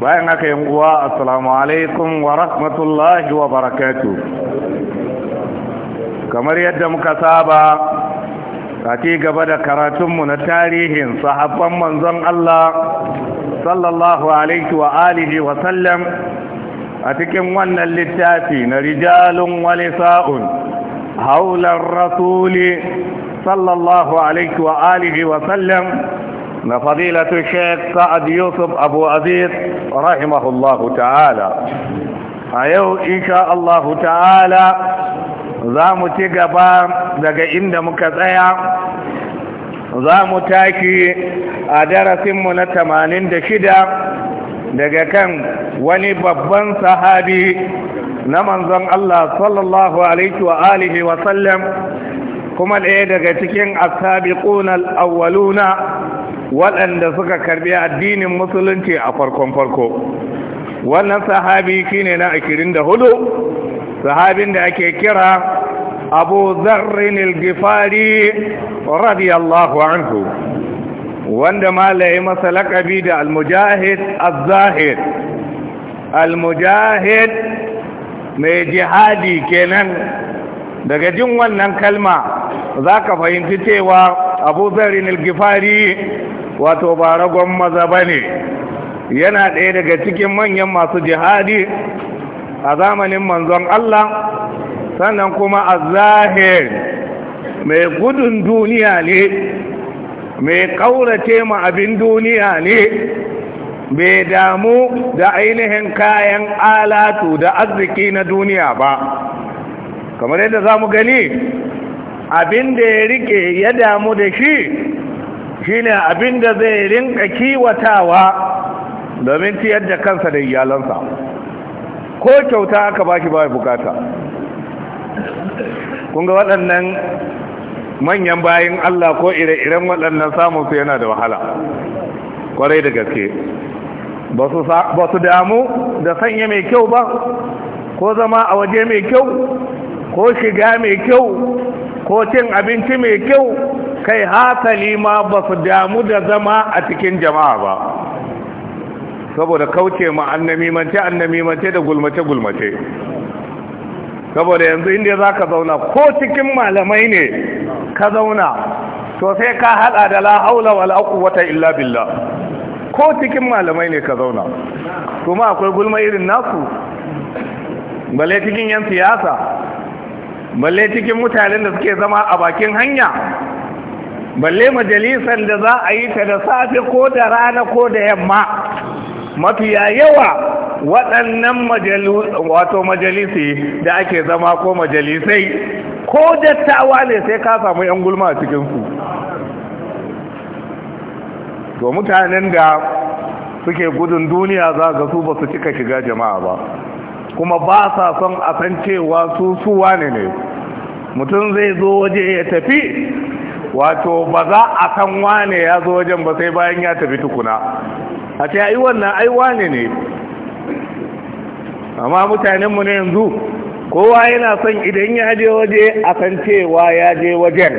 bayan aka yin uwa assalamu alaikum wa rahmatullahi wa barakatu kamar yadda muka saba sati gaba da karatunmu na tarihin sahabban manzon Allah sallallahu alaihi wa alihi wa sallam a cikin wannan littafi na rijalun wani sa'un haular rasuli sallallahu alaihi wa alihi wa sallam na fadilatu sheikh sa'ad yusuf abu aziz rahimahullahu ta'ala a yau insha Allah ta'ala za mu ci gaba daga inda muka tsaya za mu taki a darasinmu na tamanin da shida daga kan wani babban sahabi na manzon Allah sallallahu alaihi wa alihi wa sallam kuma ɗaya daga cikin asabiquna al-awwaluna waɗanda suka karbi addinin musulunci a farkon farko wannan sahabi shine na 24 sahabin da ake kira abu zarrin al-gifari radiyallahu anhu wanda malaye masa laƙabi da al-mujahid al-zahid al-mujahid mai jihadi kenan daga jin wannan kalma za ka fahimci cewa abu zarin algifari wato ba ragon maza ba ne yana ɗaya daga cikin manyan masu jihadi a zamanin manzon Allah sannan kuma a zahir mai gudun duniya ne mai ƙaurace ma abin duniya ne bai damu da ainihin kayan alatu da arziki na duniya ba kamar yadda za mu gani abin da ya rike ya damu da shi shine abin da zai rinka kiwatawa domin ciyar da kansa da iyalansa ko kyauta aka baki ba bukata kun waɗannan manyan bayan Allah ko ire-iren waɗannan samunsu yana da wahala kwarai da gaske ba su damu da sanya mai kyau ba ko zama a waje mai kyau ko shiga mai kyau ko cin abinci mai kyau kai hasali ma ba su damu da zama a cikin jama'a ba saboda kauce ma annamimance annamimance da gulmace-gulmace saboda yanzu inda za ka zauna ko cikin malamai ne ka zauna to sai ka hada da la haula wal quwwata illa billah ko cikin malamai ne ka zauna kuma akwai gulma irin naku bale cikin yan siyasa balle cikin mutanen da suke zama a bakin hanya balle majalisar da za a yi ta da safe ko da rana ko da yamma mafiya yawa waɗannan wato majalisi da ake zama ko majalisai ko dattawa ne sai ka samu 'yan gulma a cikinsu to mutanen da suke gudun duniya za ga su ba su cika shiga jama'a ba kuma ba sa son a san cewa su su wane ne mutum zai zo waje ya tafi wato ba za a san wane ya zo wajen ba sai bayan ya tafi tukuna a ce ai wannan ai wane ne amma mutanenmu ne yanzu kowa yana son idan ya je waje a san cewa ya je wajen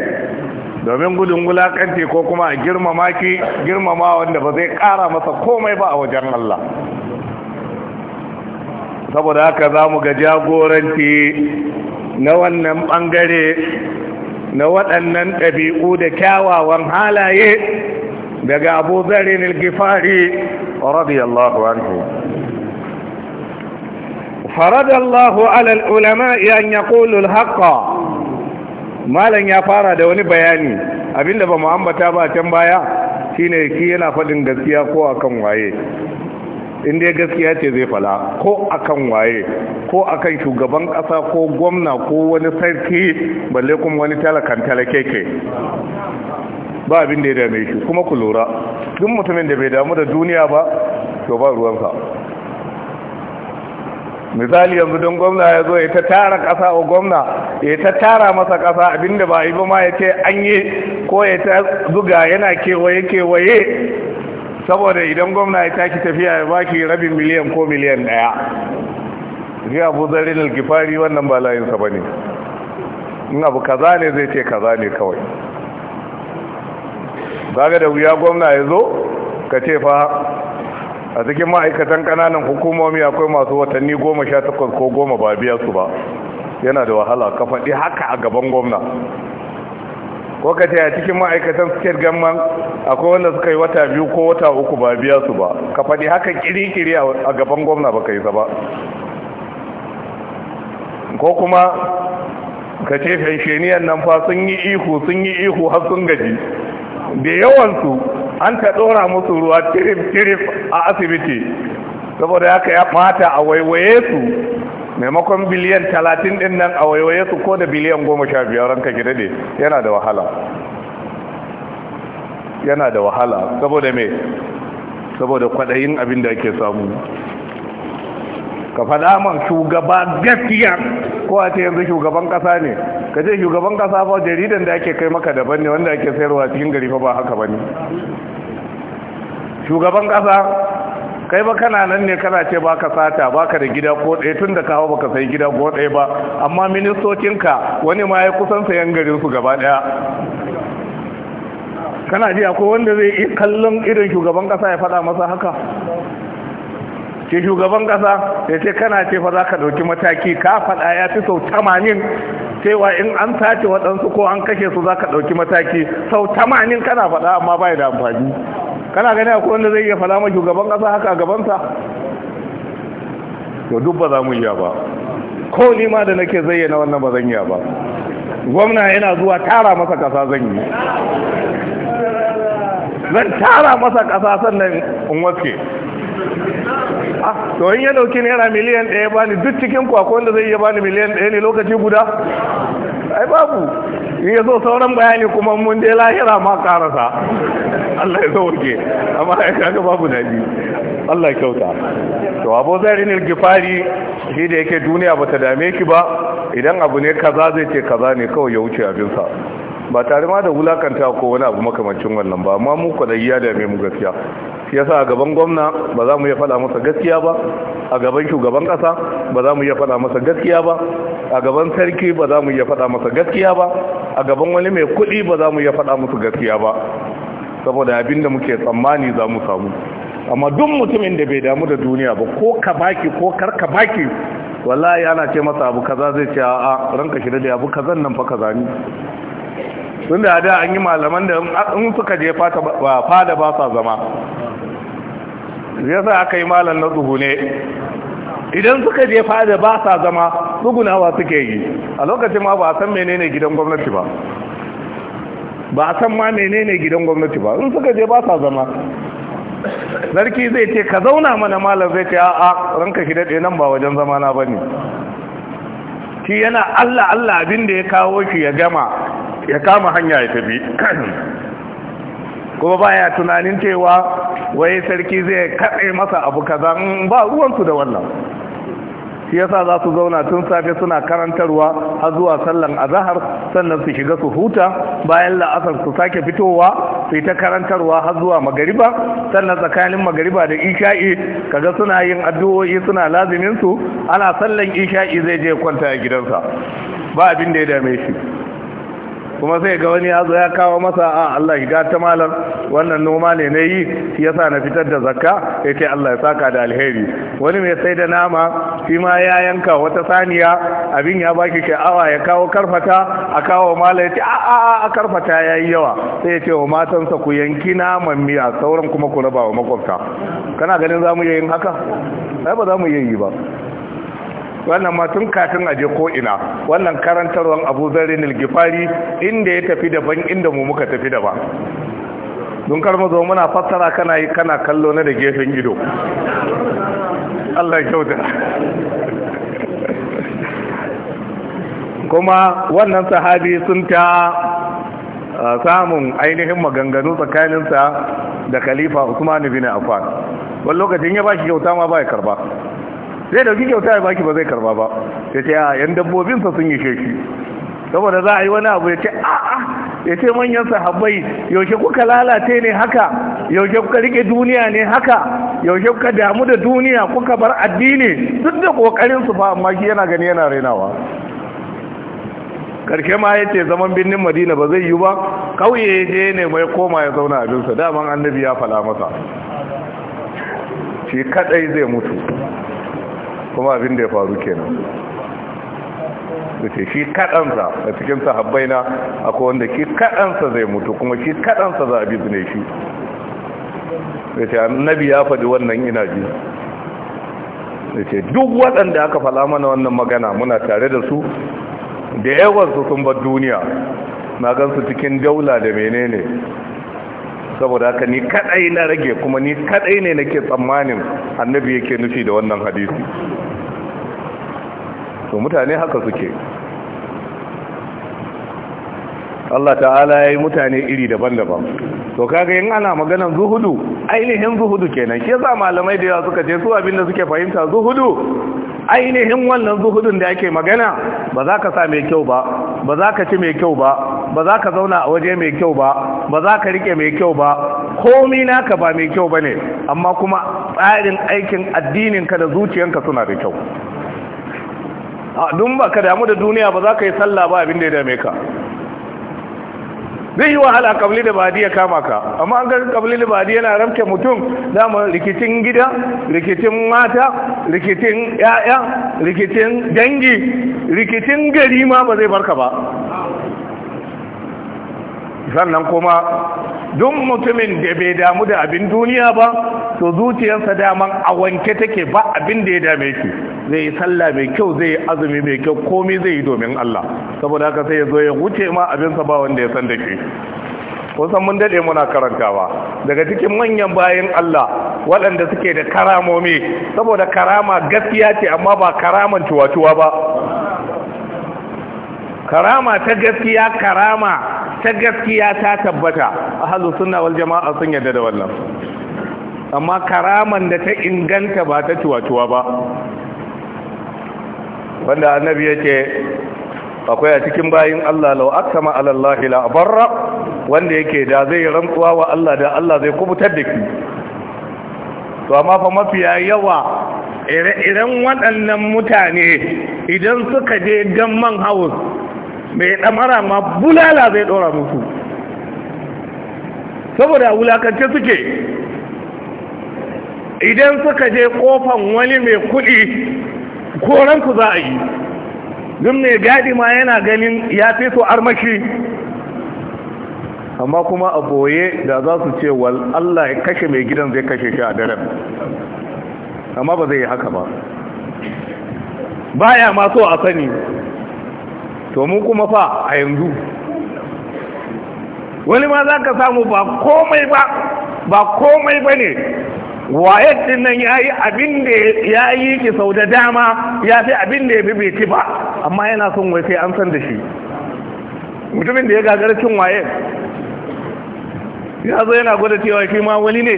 domin gudun wulakanci ko kuma a girmama girmama wanda ba zai kara masa komai ba a wajen Allah saboda haka za mu ga jagoranci na wannan ɓangare na waɗannan ɗabi'u da kyawawan halaye daga abu zarin ilgifari radiyallahu anhu faradallahu alal ulama yan ya kulul malam ya fara da wani bayani abinda ba mu ba can baya shine ki yana faɗin gaskiya ko akan waye Inda dai gaskiya ce zai fala ko akan waye ko akan shugaban kasa ko gwamna ko wani sarki balle kuma wani talakan talakeke ba abin da ya dame shi kuma ku lura duk mutumin da bai damu da duniya ba to ba ruwansa misali yanzu don gwamna ya zo ya ta tara ƙasa wa gwamna ya ta tara masa ƙasa abinda ba a yi ba ma ya ce an yi ko ya ta zuga yana kewaye-kewaye saboda idan gwamna ya tashi tafiya ya baki rabin miliyan ko miliyan daya zai abu zarin alkifari wannan ba layinsa ba ne in abu kaza ne zai ce kaza ne kawai zaga da wuya gwamna ya zo ka ce fa a cikin ma'aikatan kananan hukumomi akwai masu watanni goma sha takwas ko goma ba biya su ba yana da wahala ka faɗi haka a gaban gwamna wakati a cikin ma'aikatan suke gamman akwai wanda suka yi wata biyu ko wata uku ba biya su ba ka faɗi haka kirikiri a gaban gwamna ba ka ba ko kuma ka ce fensheniyan nan fa sun yi ihu sun yi ihu har sun gaji da yawansu an ta ɗora musu ruwa tirif-tirif a asibiti saboda haka ya mata a waiwaye su maimakon biliyan talatin din nan a waiwaye su ko da biliyan goma sha biyar ranka gida ne yana da wahala yana da wahala saboda me saboda kwaɗayin abin da ake samu ka faɗa man shugaba gaskiya ko a ce yanzu shugaban ƙasa ne ka ce shugaban ƙasa ba jaridan da ake kai maka daban ne wanda ake sayarwa cikin gari fa ba haka ba ne shugaban ƙasa kai ba kana nan ne kana ce ba ka sata ba ka da gida ko ɗaya tun da kawo ba ka sai gida ko ɗaya ba amma ministocinka wani ma ya kusan sayan garin su gaba ɗaya kana ji akwai wanda zai yi kallon irin shugaban kasa ya faɗa masa haka ke shugaban kasa ya ce kana ce fa za ka ɗauki mataki ka faɗa ya fi sau tamanin cewa in an sace waɗansu ko an kashe su za ka ɗauki mataki sau tamanin kana faɗa amma bai da amfani kana gani akwai wanda zai iya fada ma shugaban kasa haka gabansa to duk ba za mu iya ba ko ni ma da nake zayyana wannan ba zan iya ba gwamna yana zuwa tara masa kasa zan yi zan tara masa kasa sannan in waske ah, to in ya dauki naira miliyan ɗaya bani duk cikin kwakwa wanda zai iya bani miliyan ɗaya ne lokaci guda ai babu in ya zo sauran bayani kuma mun dai lahira ma karasa Allah ya sauke amma ya kaga babu dadi Allah ya kyauta to abu zarin gifari shi da yake duniya ba ta dame ki ba idan abu ne kaza zai ce kaza ne kawai ya wuce abinsa ba tare ma da wulakanta ko wani abu makamancin wannan ba amma mu kwalayya da mai mu gaskiya shi yasa a gaban gwamna ba za mu iya faɗa masa gaskiya ba a gaban shugaban ƙasa ba za mu iya faɗa masa gaskiya ba a gaban sarki ba za mu iya faɗa masa gaskiya ba a gaban wani mai kuɗi ba za mu iya faɗa musu gaskiya ba saboda abin da muke tsammani za mu samu amma duk mutumin da bai damu da duniya ba ko ka baki ko kar ka baki wallahi ana ce masa abu kaza zai ce a ranka shirya da abu kazan nan fa kaza ne tun da da an yi malaman da in suka je fada ba sa zama yasa aka yi malam na ne idan suka je fada ba sa zama tsugunawa suke yi a lokacin ma ba a san menene gidan gwamnati ba ba a san ma menene gidan gwamnati ba in suka je ba sa zama Zarki zai ce ka zauna mana malam zai ce a'a ranka ki daɗe nan ba wajen zamana ba ne shi yana Allah Allah abin da ya kawo shi ya gama ya kama hanya ya tafi kuma baya tunanin cewa wai sarki zai katse masa abu kaza mm, ba ruwansu da wannan shi yasa za su zauna tun safe suna karantarwa har zuwa sallan azahar sannan su shiga su huta bayan la'asar su sake fitowa su yi ta karantarwa har zuwa magariba sannan tsakanin magariba da isha'i kaga suna yin addu'o'i suna lazimin ana sallan isha'i zai je kwanta a gidansa ba abin da ya dame shi kuma sai ga wani ya zo ya kawo masa a Allah ya ta malam wannan noma ne na yi shi yasa na fitar da zakka yace ce Allah ya saka da alheri wani mai sai da nama shi ma ya yanka wata saniya abin ya baki sha'awa ya kawo karfata a kawo malam ya ce a a a karfata ya yi yawa sai ya ce wa matansa ku yanki naman miya sauran kuma ku raba wa makwabta kana ganin za mu iya yin haka? ai ba za mu iya yi ba wannan ma tun kafin aje ko ina wannan karantarwan Abu Zarrin gifari inda ya tafi daban inda mu muka tafi daban don kar mu zo muna fassara kana kana kallo na da gefen ido Allah kyauta kuma wannan sahabi sun ta uh, samun ainihin maganganu tsakaninsa da khalifa Usman bin Affan wani lokacin ya shi kyauta ma ba ya karba zai dauki kyauta ya baki ba zai karba ba ya ce a yan dabbobin sa sun yi sheki saboda za a yi wani abu ya ce a a ya ce manyan sahabbai yaushe kuka lalace ne haka yaushe kuka rike duniya ne haka yaushe kuka damu da duniya kuka bar addini duk da kokarin su fa amma shi yana gani yana rainawa karshe ma ya ce zaman birnin madina ba zai yi ba kauye ya je ne mai koma ya zauna abinsa daman annabi ya fala masa shi kadai zai mutu kuma abin da ya faru kenan wace shi kaɗansa a cikin sahabbai na akwai wanda shi kaɗansa zai mutu kuma shi kaɗansa za a bizne shi wace annabi ya faɗi wannan ina ji wace duk waɗanda aka fala mana wannan magana muna tare da su da yawansu sun bar duniya na gansu cikin daula da menene saboda haka ni kadai na rage kuma ni kadai ne nake tsammanin annabi yake nufi da wannan hadisi to mutane haka suke Allah ta'ala ya yi mutane iri daban-daban to kaga yin ana maganan zuhudu ainihin zuhudu kenan ke za malamai da yawa suka je su abin da suke fahimta zuhudu ainihin wannan zuhudun da ake magana ba za ka sa mai kyau ba ba za ka ci mai kyau ba ba za ka zauna a waje mai kyau ba ba za ka rike mai kyau ba komi naka ba mai kyau ba ne amma kuma tsarin aikin addininka da zuciyanka suna da kyau dun ba ka damu da duniya ba za ka yi sallah ba abin da ya dame ka zai yi wahala kabli da badi ya kama ka amma an ga kabli da badi yana ramke mutum damar rikicin gida rikicin mata rikicin yaya rikicin dangi rikicin gari ma ba zai barka ba sannan kuma duk mutumin da bai damu da abin duniya ba to zuciyarsa daman a wanke take ba abin da ya dame shi zai yi sallah mai kyau zai yi azumi mai kyau komai zai yi domin Allah saboda haka sai ya zo ya wuce ma abinsa ba wanda ya san da shi kusan mun dade muna karantawa daga cikin manyan bayan Allah waɗanda suke da karamomi saboda karama gaskiya ce amma ba karaman tuwatuwa ba karama ta gaskiya karama ta gaskiya ta tabbata ahlus suna wal jama'a sun yarda da wannan amma karaman da ta inganta ba ta tuwa-tuwa ba wanda annabi yake akwai a cikin bayin Allah lau aksama alallahi la barra wanda yake da zai rantsuwa wa Allah da Allah zai kubutar da ki to amma fa mafiya yawa ire-iren waɗannan mutane idan suka je man haus mai ɗamara ma bulala zai ɗora musu saboda wulakance suke idan suka je ƙofan wani mai kuɗi koranku za a yi don mai gadi ma yana ganin ya fi so armashi amma kuma a boye da za su ce wal Allah ya kashe mai gidan zai kashe shi a daren amma ba zai yi haka ba baya ma so a sani to mu kuma fa a yanzu wani ma za ka samu ba komai ba ba komai ba ne wayar din nan ya yi abin da ya yi ki sau da dama ya fi abin da ya fi bai ba amma yana son wai sai an san da shi mutumin da ya gagara cin waye ya zo yana gwada cewa shi ma wani ne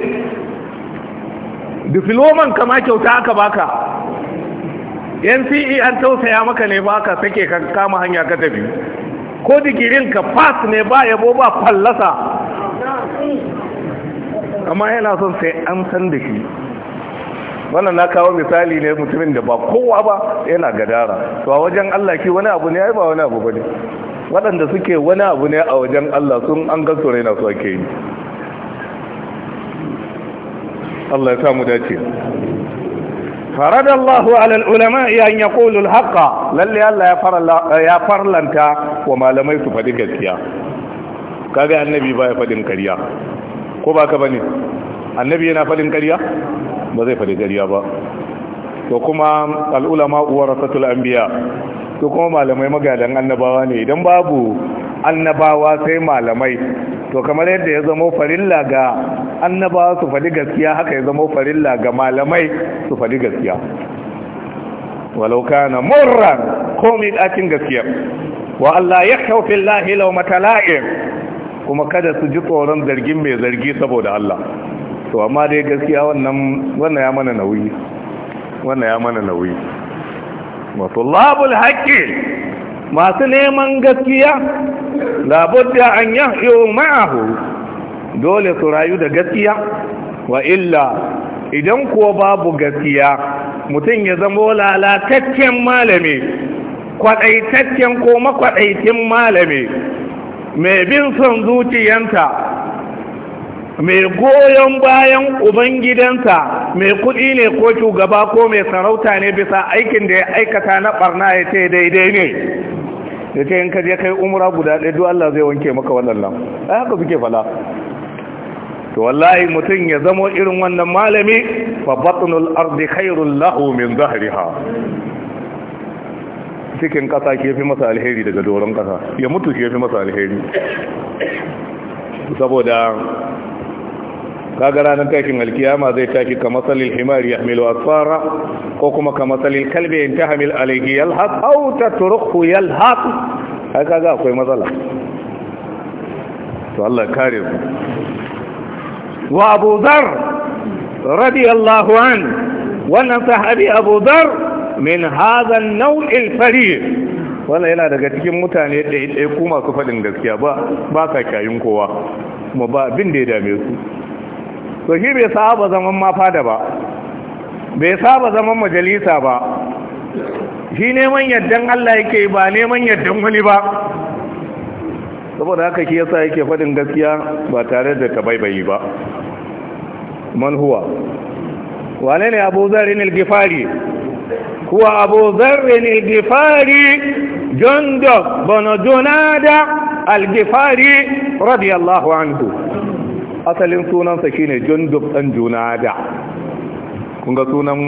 difiloman kama kyauta aka baka CE an tausaya maka ne ba ka sake ka kama hanya ka tafi ko digirin ka pass ne ba yabo ba fallasa amma yana son sai an san da shi wannan na kawo misali ne mutumin da ba kowa ba yana gadara to a wajen Allah ki wani abu ne ai ba wani abu bane waɗanda suke wani abu ne a wajen Allah sun an ga sore na su ake yi Allah ya samu dace فرض الله على العلماء أن يقولوا الحق للي الله يا فرلنتا وما لم يتفدي غسكيا كذا النبي با يفدين كريا ko ba ka ba ne annabi yana fadin ƙarya ba zai fadi ƙarya ba to kuma al'ulama uwar rasatul anbiya to kuma malamai magadan annabawa ne idan babu annabawa sai malamai to kamar yadda ya zama farilla ga annabawa su faɗi gaskiya haka ya zama farilla ga malamai su faɗi gaskiya walau kana murran komi ɗakin gaskiya wa Allah ya kyaufin lahilau matala'in kuma kada su ji tsoron zargin mai zargi saboda Allah to amma dai gaskiya wannan wannan ya mana nauyi wannan ya mana nauyi wa tulabul haqqi masu neman gaskiya labudda an yahyu ma'ahu dole su rayu da gaskiya wa illa idan kuwa babu gaskiya mutum ya zama lalataccen malami kwaɗaitaccen ko makwaɗaitin malami mai bin son zuciyanta mai goyon bayan ubangidansa mai kuɗi ne ko shugaba ko mai sarauta ne bisa aikin da ya aikata na ɓarna ya ce daidai ne ya ce in ka je kai umura guda ɗaya duk Allah zai wanke maka waɗannan ai haka suke fala to wallahi mutum ya zamo irin wannan malami fa batnul ardi khairul lahu min zahriha cikin kasa ke fi masa alheri daga doron kasa ya mutu ke fi masa alheri saboda kaga ranar takin alkiyama zai taki ka masalil himar ya hamilu asfara ko kuma ka masalil kalbi in ta hamil alaihi yalhaq au ta turku yalhaq ai kaga akwai matsala to Allah kare mu wa Abu Dharr radiyallahu an wannan sahabi Abu Dharr min hadha an-naw' al wannan yana daga cikin mutane ɗaya ɗaiɗaiku masu faɗin gaskiya ba ba sa kyayin kowa kuma ba abin da ya dame su to shi bai saba zaman ma fada ba bai saba zaman majalisa ba shi neman yaddan Allah yake ba neman yaddan wani ba saboda haka shi yasa yake faɗin gaskiya ba tare da tabaibayi ba man huwa wane ne abu zarin al-gifari kuwa abu zarin al-gifari jundub bono jonada al-gifari radiyallahu anhu asalin sunansa shine jundub dan da kun ga sunan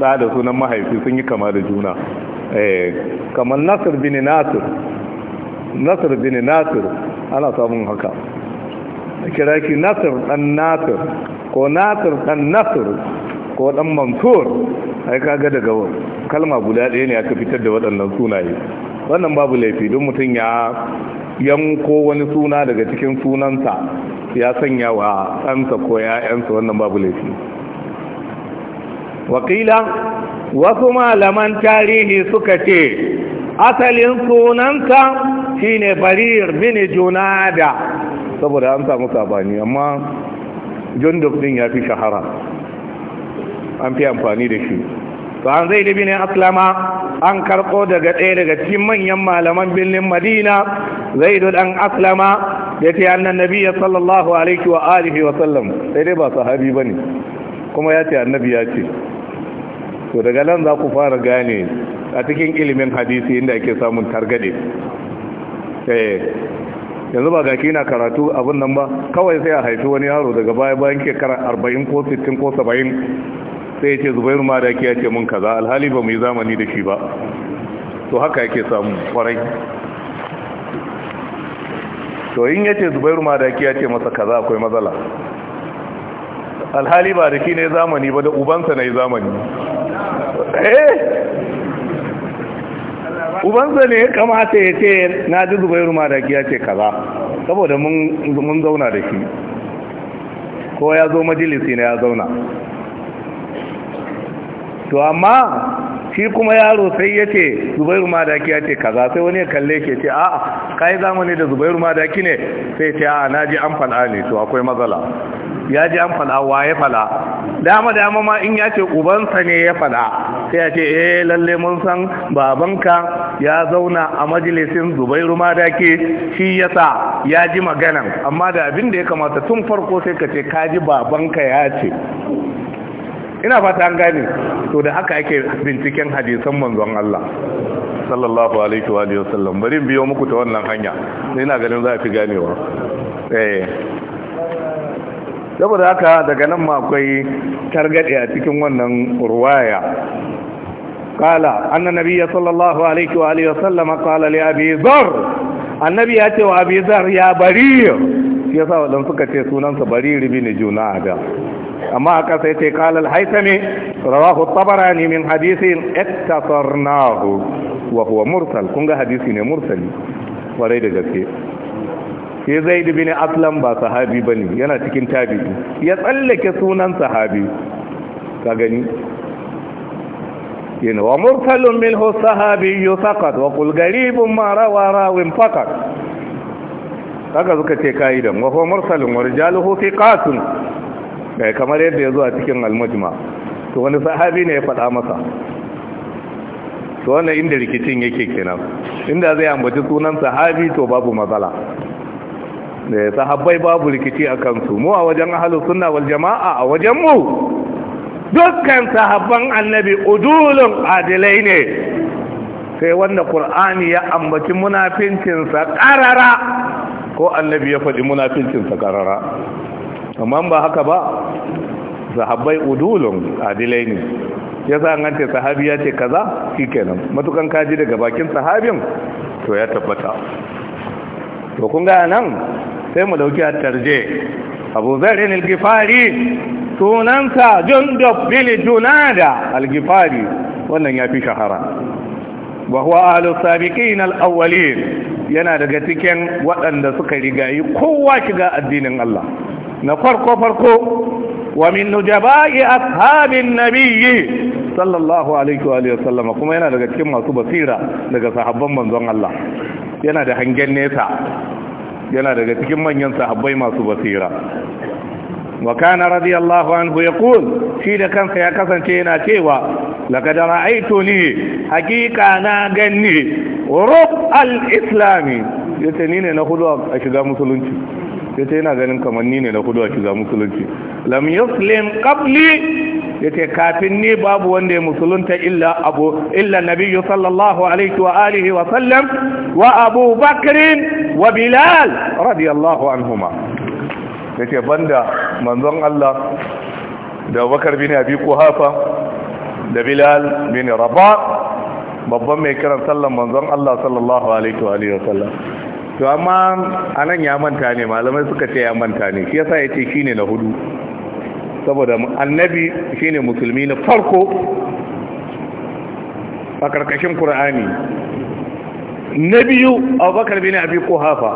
da da sunan mahaifi sun yi kama da juna eh kamar nasir bin nasir nasir bin nasir ana samun haka kira ki nasir dan nasir ko nasir dan nasir ko dan mansur ai kaga daga kalma guda ɗaya ne aka fitar da waɗannan sunaye wannan babu laifi don mutum ya yanko wani suna daga cikin sunansa ya sanya wa ɗansa ko ‘ya'yansa wannan babu laifi wakila wasu malaman tarihi suka ce asalin sunanka shine barir juna junada saboda an samu sabani amma jundub din ya fi shahara an fi amfani da shi to an zai libi ne aslama an karɓo daga ɗaya daga cikin manyan malaman birnin madina zai dan aslama ya ce annan nabi ya sallallahu alaihi wa alihi wa sallam sai dai ba sahabi ba ne kuma ya ce annabi ya ce to daga nan za ku fara gane a cikin ilimin hadisi inda ake samun targade eh, yanzu ba gaki na karatu abin nan ba kawai sai a haifi wani yaro daga baya bayan kara arba'in ko sittin ko saba'in. sai ya ce zubairu madaki ya ce mun kaza alhali ba mu yi zamani da shi ba to haka yake samu kwarai to in ya ce zubairu madaki ya ce masa kaza akwai matsala alhali ba da shi ne zamani ba da ubansa na yi zamani eh! ubansa ne ya kamata ya ce na ji zubairu madaki ya ce kaza saboda mun zauna da shi ko ya zo majalisi ne ya zauna to amma shi kuma yaro sai ya ce zubairu madaki ya ce kaza sai wani ya kalle ke ce a'a kai zamani da zubairu madaki ne sai ce a'a na ji an fada ne to akwai matsala ya ji an fada wa ya dama dama ma in ya ce ubansa ne ya faɗa sai ya ce eh lalle mun san babanka ya zauna a majalisin zubairu madaki shi yasa ya ji maganan amma da abin da ya kamata tun farko sai ka ce ka ji babanka ya ce ina fata an gane to da haka ake binciken hadisan manzon Allah sallallahu alaihi wa alihi wasallam bari biyo muku ta wannan hanya ina ganin za a fi ganewa eh saboda haka daga nan ma akwai targade a cikin wannan ruwaya Kala. anna nabiyya sallallahu alaihi wa alihi wasallam qala li abi dhar annabi ya ce wa abi zar ya bari yasa wadan suka ce sunansa bari ribi ne juna da amma aka sai ce kalal haitami rawahu tabarani min hadisin ittasarnahu wa huwa mursal kun ga hadisi ne mursali kwarai da gaske sai zaid bin aslam ba sahabi bane yana cikin tabi'i ya tsallake sunan sahabi ka gani yana wa mursalun minhu sahabi faqat wa qul garibun ma rawa rawin faqat kaga suka ce kaidan wa huwa mursalun wa rijaluhu qatun Eh, kamar yadda ya zuwa cikin almajima to wani sahabi ne ya faɗa masa to wannan inda rikicin yake kenan inda zai ambaci sunan sahabi to babu matsala da eh, sahabbai babu rikici a kansu mu a wajen ahalus sunna wal jama'a a wajen mu dukkan sahabban annabi udulun adilai ne sai wanda qur'ani ya ambaci munafincin sa karara ko annabi ya faɗi munafincin sa karara amma ba haka ba sahabbai udulun adilai ne ya sa an ce sahabi ya ce kaza shikenan matukan kaji daga bakin sahabin to ya tabbata to kun ga nan sai mu dauki tarje Abu Zarin al-Ghifari sunansa Jundub bin Junada al-Ghifari wannan yafi shahara wa huwa ahlu sabiqin al-awwalin yana daga cikin waɗanda suka rigayi kowa shiga addinin Allah na farko farko wa min nujaba'i ashabin nabiyyi sallallahu alaihi wa sallama kuma yana daga cikin masu basira daga sahabban manzon Allah yana da hangen nesa yana daga cikin manyan sahabbai masu basira wa kana radiyallahu anhu yaqul shi da kansa ya kasance yana cewa laqad ra'aytuni haqiqa na ganni urub al-islami yace ni ne na hudu a shiga musulunci sai ta yana ganin kamar ni ne na kudu a shiga musulunci lam yuslim qabli yace kafin ni babu wanda ya musulunta illa abu illa nabiyyu sallallahu alaihi wa alihi wa sallam wa abu bakr wa bilal radiyallahu anhuma yace banda manzon Allah da bakar bin abi kuhafa da bilal bin rabah babban mai kiran sallan manzon Allah sallallahu alaihi wa alihi wa sallam to amma a nan ya manta ne malamai suka ce ya manta ne shi yasa ya ce shi ne na hudu saboda annabi shi ne musulmi na farko a karkashin qur'ani na biyu abubakar bin abi kuhafa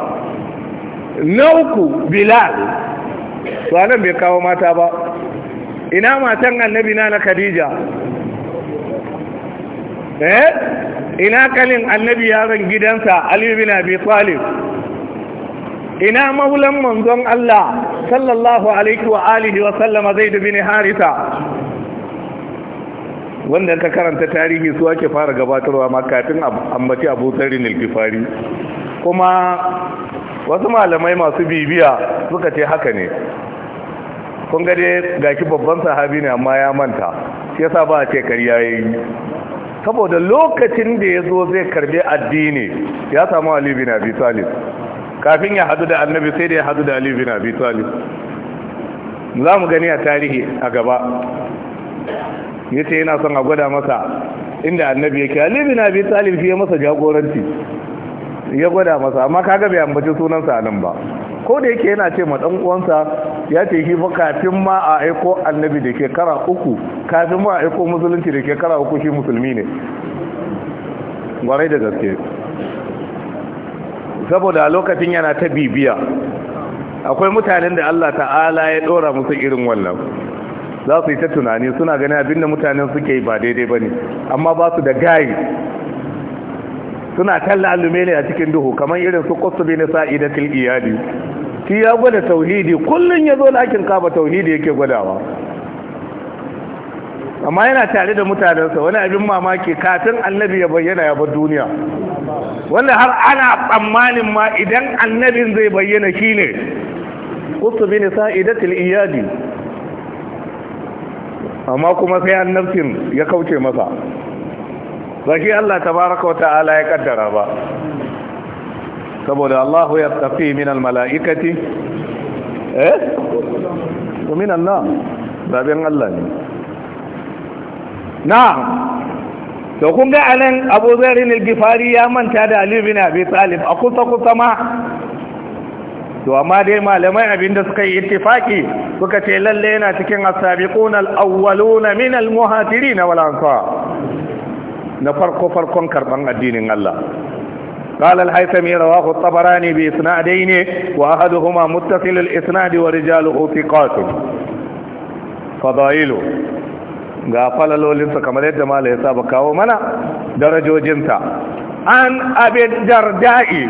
na uku bilal to anan bai kawo mata ba ina matan annabi na na khadija eh ina kalin annabi yaron gidansa Ali bin Abi Talib ina maulan manzon Allah sallallahu alaihi wa alihi wa sallama Zaid bin Haritha wanda ka karanta tarihi su ake fara gabatarwa ma kafin ambaci Abu Zarrin al kuma wasu malamai masu bibiya suka ce haka ne kun ga dai gaki babban sahabi ne amma ya manta shi yasa ba a ce kariya yayi saboda lokacin da ya zo zai karbe addini ya samu Ali bin Abi Talib kafin ya hadu da annabi sai da ya hadu da Ali bin Abi Talib za mu gani a tarihi a gaba yace yana son a gwada masa inda annabi yake Ali bin Abi Talib shi ya masa jagoranci ya gwada masa amma kaga bai ambaci sunansa nan ba ko da yake yana ce ma uwansa ya ce shi fa kafin ma a aiko annabi da ke kara uku kafin ma a aiko musulunci da ke kara uku shi musulmi ne gwarai da gaske saboda lokacin yana ta bibiya akwai mutanen da Allah ta'ala ya dora musu irin wannan za su yi ta tunani suna gani abinda mutanen suke yi ba daidai ba ne amma ba su da gayi suna talla alumeli a cikin duhu kamar irin su kwasu na sa'idatul iyali shi ya gwada tauhidi kullum ya zo lakin kaba tauhidi yake gwadawa amma yana tare da mutanensa wani abin mamaki katin annabi ya bayyana ya bar duniya wanda har ana tsammanin ma idan annabin zai bayyana shi shine kusubi na sa'idatul iyali amma kuma sai annabcin ya kauce masa ba shi Allah tabaraka wa ya kaddara ba saboda Allah ya tafi min almala'ikati eh wa min Allah zaben Allah ne na'am to kun ga anan Abu Zar al-Ghifari ya manta da Ali bin Abi Talib a kusa kusa ma to amma dai malamai abinda suka yi ittifaki suka ce lalle yana cikin as-sabiqun al-awwalun min al-muhajirin wal ansar na farko farkon karban addinin Allah قال الهيثمي رواه الطبراني بإسنادين وأحدهما متصل الإسناد ورجاله ثقات فضائله ga falalolinsa kamar yadda mala ya saba kawo mana darajojinsa an abin darda'i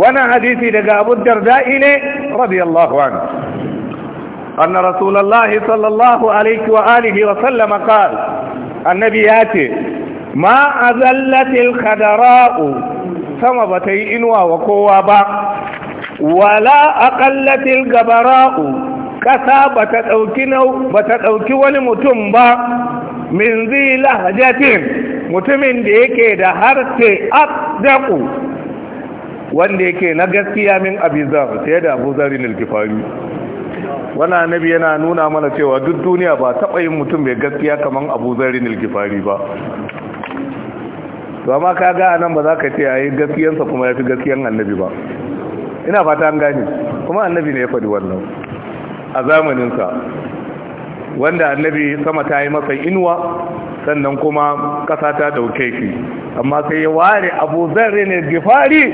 wannan hadisi daga abin darda'i ne radiyallahu an anna rasulallahi alaihi wa alihi wa sallama qala annabi ya ce ma a zallatil kadara'u sama ba ta yi inuwa wa kowa ba wala a kallatil gabara'u ƙasa ba ta ɗauki wani mutum ba min zi lahajatin mutumin da yake da harshe abdaku wanda yake na gaskiya min abizar sai da abu zarin alkifari wani annabi yana nuna mana cewa duk duniya ba taɓa yin mutum mai gaskiya kamar abu zarin alkifari ba to amma ka ga nan ba za ka ce ayi gaskiyansa kuma ya fi gaskiyan annabi ba ina fata an gani kuma annabi ne ya faɗi wannan a zamaninsa wanda annabi sama ta yi masa inuwa sannan kuma ƙasa ta ɗauke shi amma sai ya ware abu zarri ne gifari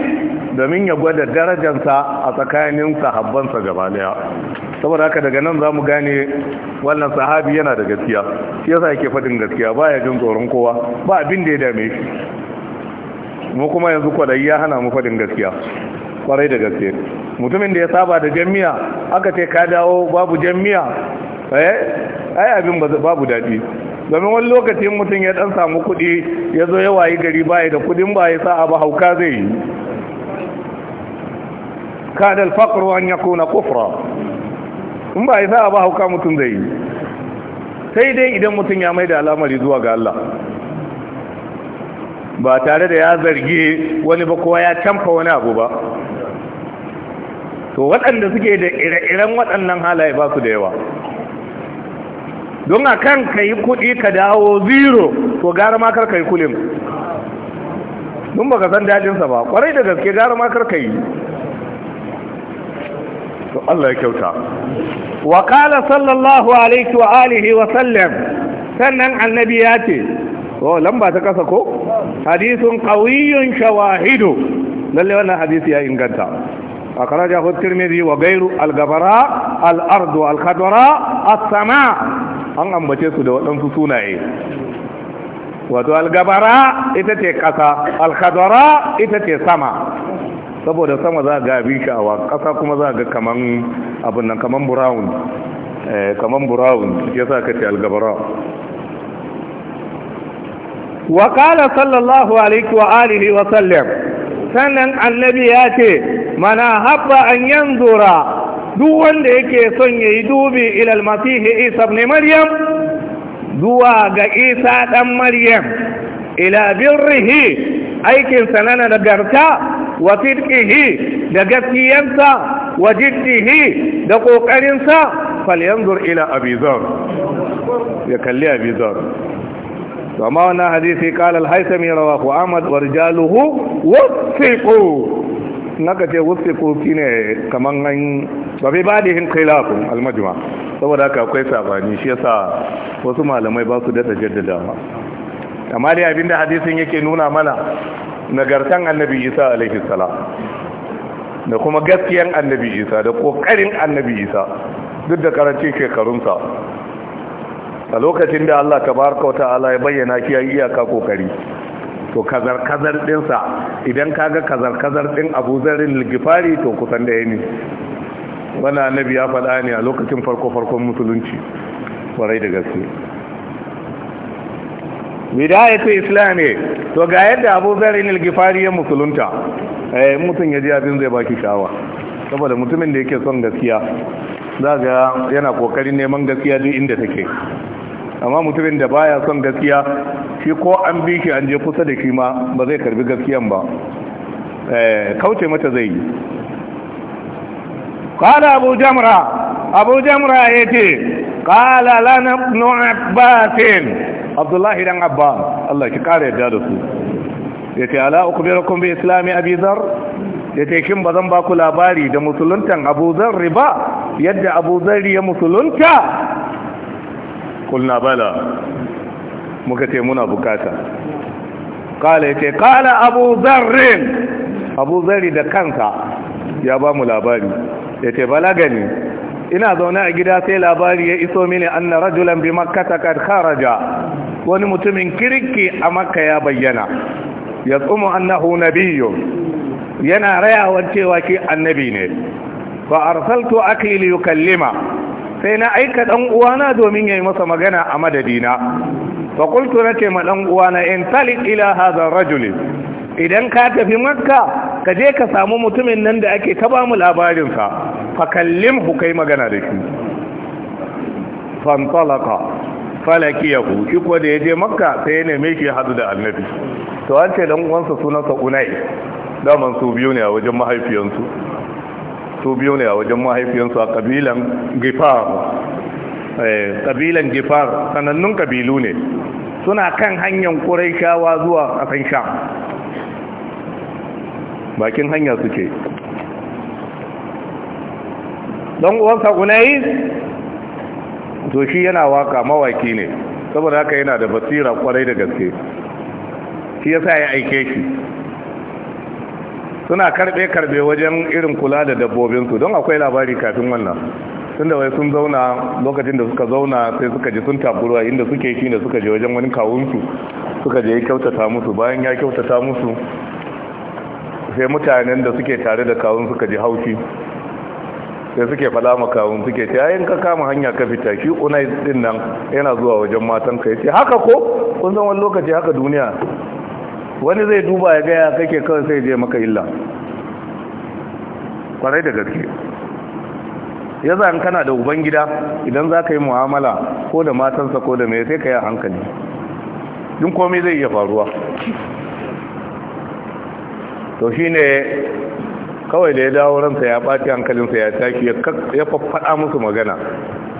domin ya gwada darajansa a tsakanin sahabbansa gaba daya saboda haka daga nan za mu gane wannan sahabi yana da gaskiya shi yasa yake faɗin gaskiya ba ya jin tsoron kowa ba abin da ya dame shi mu kuma yanzu kwadayi ya hana mu faɗin gaskiya kwarai da gaske mutumin da ya saba da jami'a aka ce ka dawo babu jami'a Eh? ai abin babu daɗi domin wani lokacin mutum ya ɗan samu kuɗi ya zo ya wayi gari baya da kuɗin baya sa ba hauka zai yi kadal faƙar an ya kona kufra in ba ya abu ba hauka mutum zai yi sai dai idan mutum ya mai da alamari zuwa ga Allah ba tare da ya zargi wani ba kowa ya canfa wani abu ba to waɗanda suke da ire-iren waɗannan halaye ba su da yawa don a kan ka yi kudi ka dawo zero to gara ma kar ka yi kulin don ba ka san dajinsa ba kwarai da gaske gara ma kar ka yi to Allah ya kyauta wa qala sallallahu alaihi wa alihi wa sallam sannan annabi ya ce oh lamba ta kasa ko hadithun qawiyyun shawahidu lalle wannan hadisi ya inganta akhrajahu at-tirmidhi wa ghayru al-gabara al-ardu al-khadra as-sama' an ambace su da waɗansu sunaye wato algabara ita ce ƙasa alkadara ita ce sama saboda sama za a ga abin sha'awa ƙasa kuma za a ga kaman abin nan kaman brown eh, kaman brown ya sa ka ce algabara wa ƙala sallallahu alaihi wa alihi wa sallam sannan annabi ya ce mana habba an yanzura duk wanda yake son ya yi dubi ilal masihi isa ne maryam zuwa ga isa ɗan maryam ila birrihi aikinsa da garta wa sidqihi da gaskiyarsa wa jiddihi da ƙoƙarinsa falyanzur ila abizar ya kalli abizar amma wannan hadisi kalal haisami rawahu ahmad wa rijaluhu wasiqu naka ce wasiqu ba bai ba da hin kai lafin almajima saboda haka akwai sabani shi yasa wasu malamai ba su dada jaddadawa amma dai abinda hadisin yake nuna mana nagartan annabi isa alaihi salam da kuma gaskiyan annabi isa da kokarin annabi isa duk da karancin shekarunsa a lokacin da allah tabaraka wa ta'ala ya bayyana shi ya iyaka kokari to kazar-kazar ɗinsa idan kaga kazar-kazar ɗin abu zarin ligifari to kusan da ya ne wani annabi ya faɗa ne a lokacin farko-farkon musulunci kwarai da gaske bidayatu islami to ga yadda abu zarin al-gifari ya musulunta eh mutum ya ji abin zai baki shawa saboda mutumin da yake son gaskiya za ga yana kokarin neman gaskiya duk inda take amma mutumin da baya son gaskiya shi ko an bi shi an je kusa da shi ma ba zai karbi gaskiyan ba eh, kauce mata zai yi kala abu jamra abu jamra ya ce kala lana ibn abbasin abdullahi dan abba Allah ki kare yadda da su ya ce ala ukubirakum bi islami abi zar ya ce kin ba zan ba ku labari da musuluntan abu ba yadda abu ya musulunta kulna bala muka ce muna bukata kala ya ce kala da ya labari ya ce ne. ina zaune a gida sai labari ya iso mini anna rajulan bi makkata kad kharaja wani mutumin kirki a makka ya bayyana ya tsumu annahu nabiyyu yana rayawar cewa ki annabi ne fa arsaltu akli li yukallima sai na aika dan uwana domin yayi masa magana a madadina fa qultu nace ma dan uwana in talik ila hadha rajuli. idan ka tafi makka ka je ka samu mutumin nan da ake taba mu labarinsa fakallim ku kai magana da shi fantalaka falaki ya shi ko da ya je makka sai ya neme shi hadu da annabi to an ce dan uwansa sunansa unai daman su biyu ne a wajen mahaifiyansu su biyu ne a wajen mahaifiyansu a kabilan gifar kabilan eh, gifar sanannun kabilu ne suna kan hanyar shawa zuwa ƙasan sham bakin hanya suke don uwansa unayi to shi yana waka mawaki ne saboda haka yana da basira kwarai da gaske shi yasa ya aike shi suna karbe-karbe wajen irin kula da dabbobinsu don akwai labari kafin wannan tunda wai sun zauna lokacin da suka zauna sai suka ji sun taburwa inda suke shi da suka je wajen wani kawunsu suka je ya kyautata musu bayan ya kyautata musu sai mutanen da suke tare da kawun suka ji haushi sai suke fada kawun suke ce yayin ka kama hanya ka fita shi unai din nan yana zuwa wajen matan ka yace haka ko kun san wani lokaci haka duniya wani zai duba ya gaya kake kawai sai je maka illa kwarai da gaske ya zan kana da uban gida idan za ka yi mu'amala ko da matansa ko da mai sai ka yi hankali din komai zai iya faruwa to shi ne kawai da ya dawo ransa ya ɓaci hankalinsa ya taki ya faɗa musu magana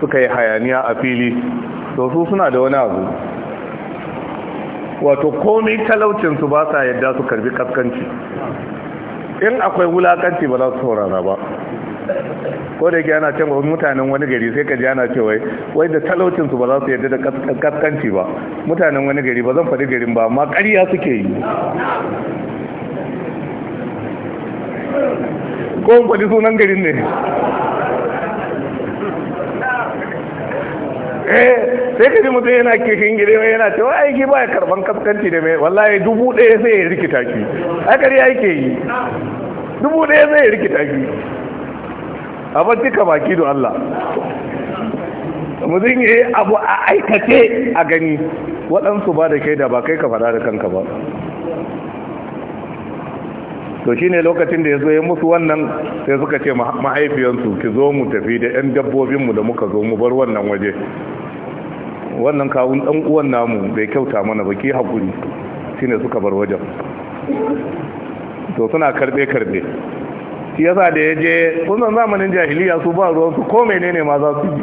suka yi hayaniya a fili to su suna da wani abu wato komi talaucinsu ba sa yadda su karbi kaskanci in akwai wulakanci ba za su saurara ba ko da yake ana cewa mutanen wani gari sai ka ji ana cewa wai da talaucinsu ba za su yadda da kaskanci ba mutanen wani gari ba zan faɗi garin ba amma ƙarya suke yi ko faɗi sunan garin ne eh sai ka ji mutum yana kishin gida yana cewa aiki ba ya karban kaskanci da mai wallahi dubu ɗaya sai ya rikita ki akari ke yi dubu ɗaya sai ya rikita ki a ka baki don Allah mutum ya yi abu a aikace a gani waɗansu ba da kai da ba kai ka faɗa da kanka ba to shine lokacin da ya zo ya musu wannan sai suka ce mahaifiyansu ki zo mu tafi da 'yan dabbobinmu da muka zo mu bar wannan waje wannan kawun ɗan uwan namu bai kyauta mana ba ki haƙuri ne suka bar wajen to suna karɓe-karɓe shi yasa da ya je sunan zamanin jahiliya su ba ruwansu ko menene ma za su yi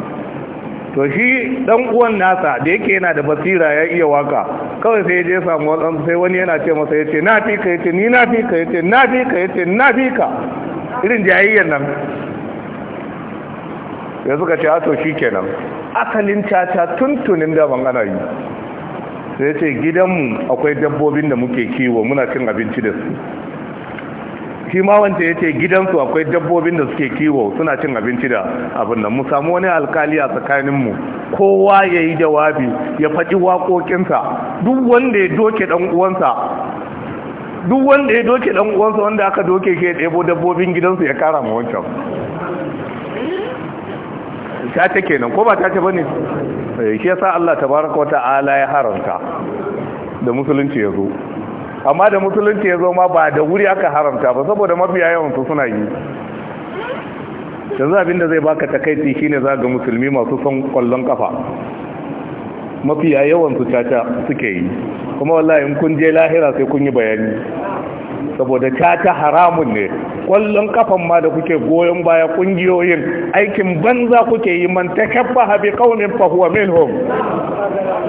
to shi dan uwan nasa da yake yana da basira ya iya waka kawai sai je samu wadan sai wani yana ce masa yace na fi ka yace ni na fi ka yace na fi ka yace na fi ka irin jayayyan nan ya suka ce a ato kenan asalin caca tuntunin da ban ana yi sai ce gidanmu akwai dabbobin da muke kiwo muna cin abinci da su shi ma wanda ya ce gidansu akwai dabbobin da suke kiwo suna cin abinci da abin nan mu samu wani alkali a tsakaninmu kowa ya yi jawabi ya faɗi waƙoƙinsa duk wanda ya doke ɗan uwansa duk wanda ya doke ɗan uwansa wanda aka doke ke ɗebo dabbobin gidansu ya kara ma wancan ta ce kenan ko ba ta bane eh, shi yasa Allah tabaraka wata Ala ya haramta da musulunci ya zo amma da musulunci ya zo ma ba da wuri aka haramta ba saboda mafiya yawan su suna yi yanzu abin da zai baka takaici shine za ga musulmi masu son kwallon kafa mafiya yawan su caca suke yi kuma wallahi in kun je lahira sai kun yi bayani saboda caca haramun ne kwallon kafan ma da kuke goyon baya kungiyoyin aikin banza kuke yi man takabbaha habi kaunin fahuwa huwa minhum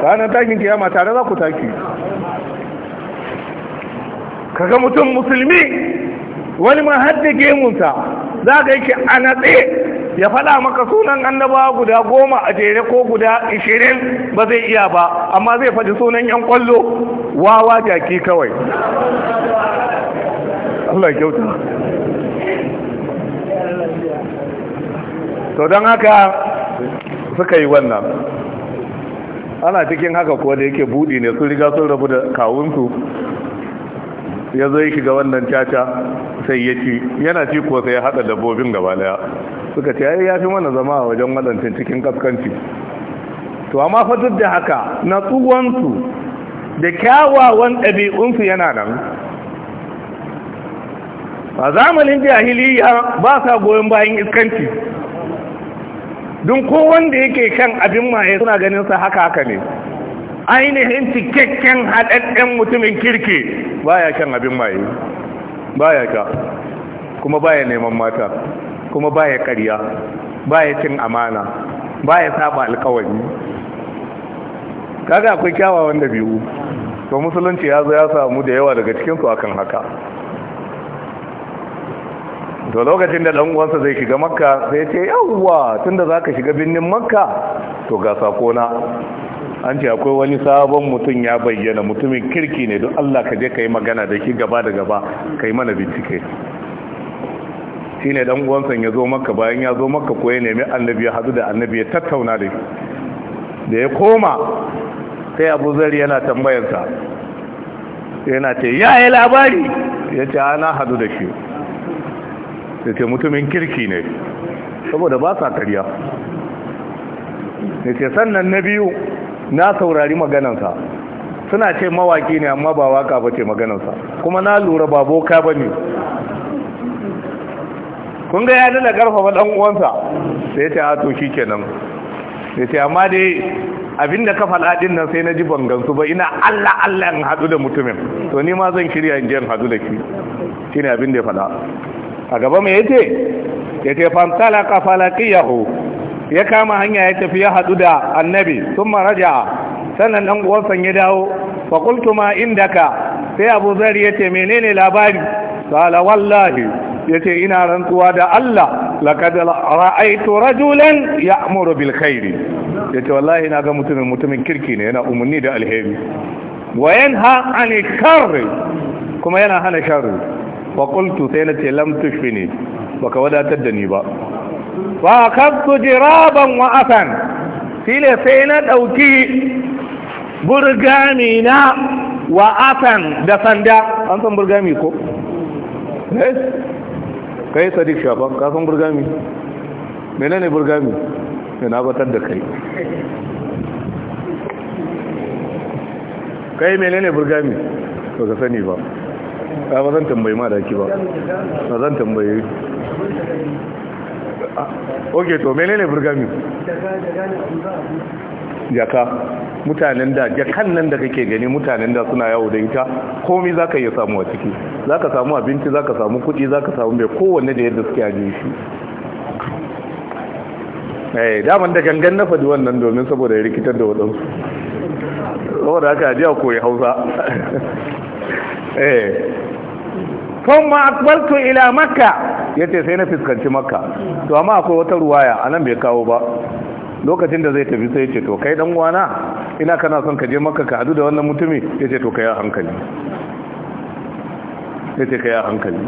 kana takin kiyama tare za ku taki kaga mutum musulmi wani ma gemunsa za ka yake a natse ya faɗa maka sunan annaba guda goma a jere ko guda ishirin ba zai iya ba amma zai faɗi sunan yan kwallo wawa jaki kawai Allah kyauta to don haka suka yi wannan ana cikin haka kuwa da yake buɗi ne sun riga sun rabu da kawunsu ya zo ya shiga wannan caca sai ya ci yana ci ko sai ya haɗa dabbobin gaba daya suka ce ya fi mana zama a wajen waɗancan cikin kaskanci to amma fa duk da haka na tsuwansu da kyawawan ɗabi'unsu yana nan a zamanin jahiliya ba sa goyon bayan iskanci don kowanda yake kan abin maye suna ganin sa haka haka ne ainihin cikakken haɗaɗɗen mutumin kirki baya kan abin maye baya ka kuma baya neman mata kuma baya ƙarya baya cin amana baya saba alkawari kaga akwai kyawawan wanda biyu to musulunci ya zo ya samu da yawa daga cikin su akan haka to lokacin da dan uwansa zai shiga makka sai ce yawwa tunda zaka shiga binnin makka to ga sakona an ce akwai wani sabon mutum ya bayyana mutumin kirki ne don Allah ka je ka yi magana da shi gaba da gaba ka yi mana bincike shi ne dan uwansa ya zo maka bayan ya zo maka ko ya nemi annabi ya hadu da annabi ya tattauna da shi da ya koma sai abu zari yana tambayarsa yana ce ya yi labari ya ce ana ah, hadu da shi ya ce mutumin kirki ne saboda ba sa karya ya ce sannan na biyu na saurari maganansa suna ce mawaki ne amma ba waka ba ce maganansa kuma na lura ba boka ba ne kun ya nuna karfafa dan uwansa sai ya ce a to shikenan ya ce amma dai abinda ka faɗa din nan sai na ji bangansu ba ina Allah Allah in hadu da mutumin to ni ma zan shirya in je hadu da shi shine abin da ya faɗa a gaba mai ya ya ce, ce yace yace fantalaka yahoo ya kama hanya ya tafi ya haɗu da annabi sun maraja sannan ɗan uwansan ya dawo fakultu ma indaka sai abu zari ya ce menene labari sala wallahi ya ce ina rantsuwa da Allah laqad ra'aytu rajulan ya'muru bil Bilkairi. ya ce wallahi na ga mutumin mutumin kirki ne yana umarni da alheri wayan yanha anil sharri kuma yana hana sharri wa qultu sai na ce lam ne baka wadatar da ni ba wa kaftu jiraban wa asan shine sai na ɗauki burgami na wa asan da sanda an san burgami ko kai sadiq shafan ka san burgami menene burgami yana batar da kai kai menene burgami ba ka sani ba ba zan tambayi ma da ki ba ba zan tambayi. ok to menene burgami jaka mutanen da jakan nan da kake gani mutanen da suna yawo da ita komai za ka iya samu a ciki za ka samu abinci za ka samu kudi za ka samu mai kowanne da yadda suke ajiye shi eh daman da gangan na faɗi wannan domin saboda ya rikitar da waɗansu saboda haka ajiya koyi hausa eh thumma aqbaltu ila makka yace sai na fuskanci makka to amma akwai wata ruwaya anan bai kawo ba lokacin da zai tafi sai yace to kai dan uwana ina kana son ka je makka ka hadu da wannan mutumi yace to kai a hankali yace kai a hankali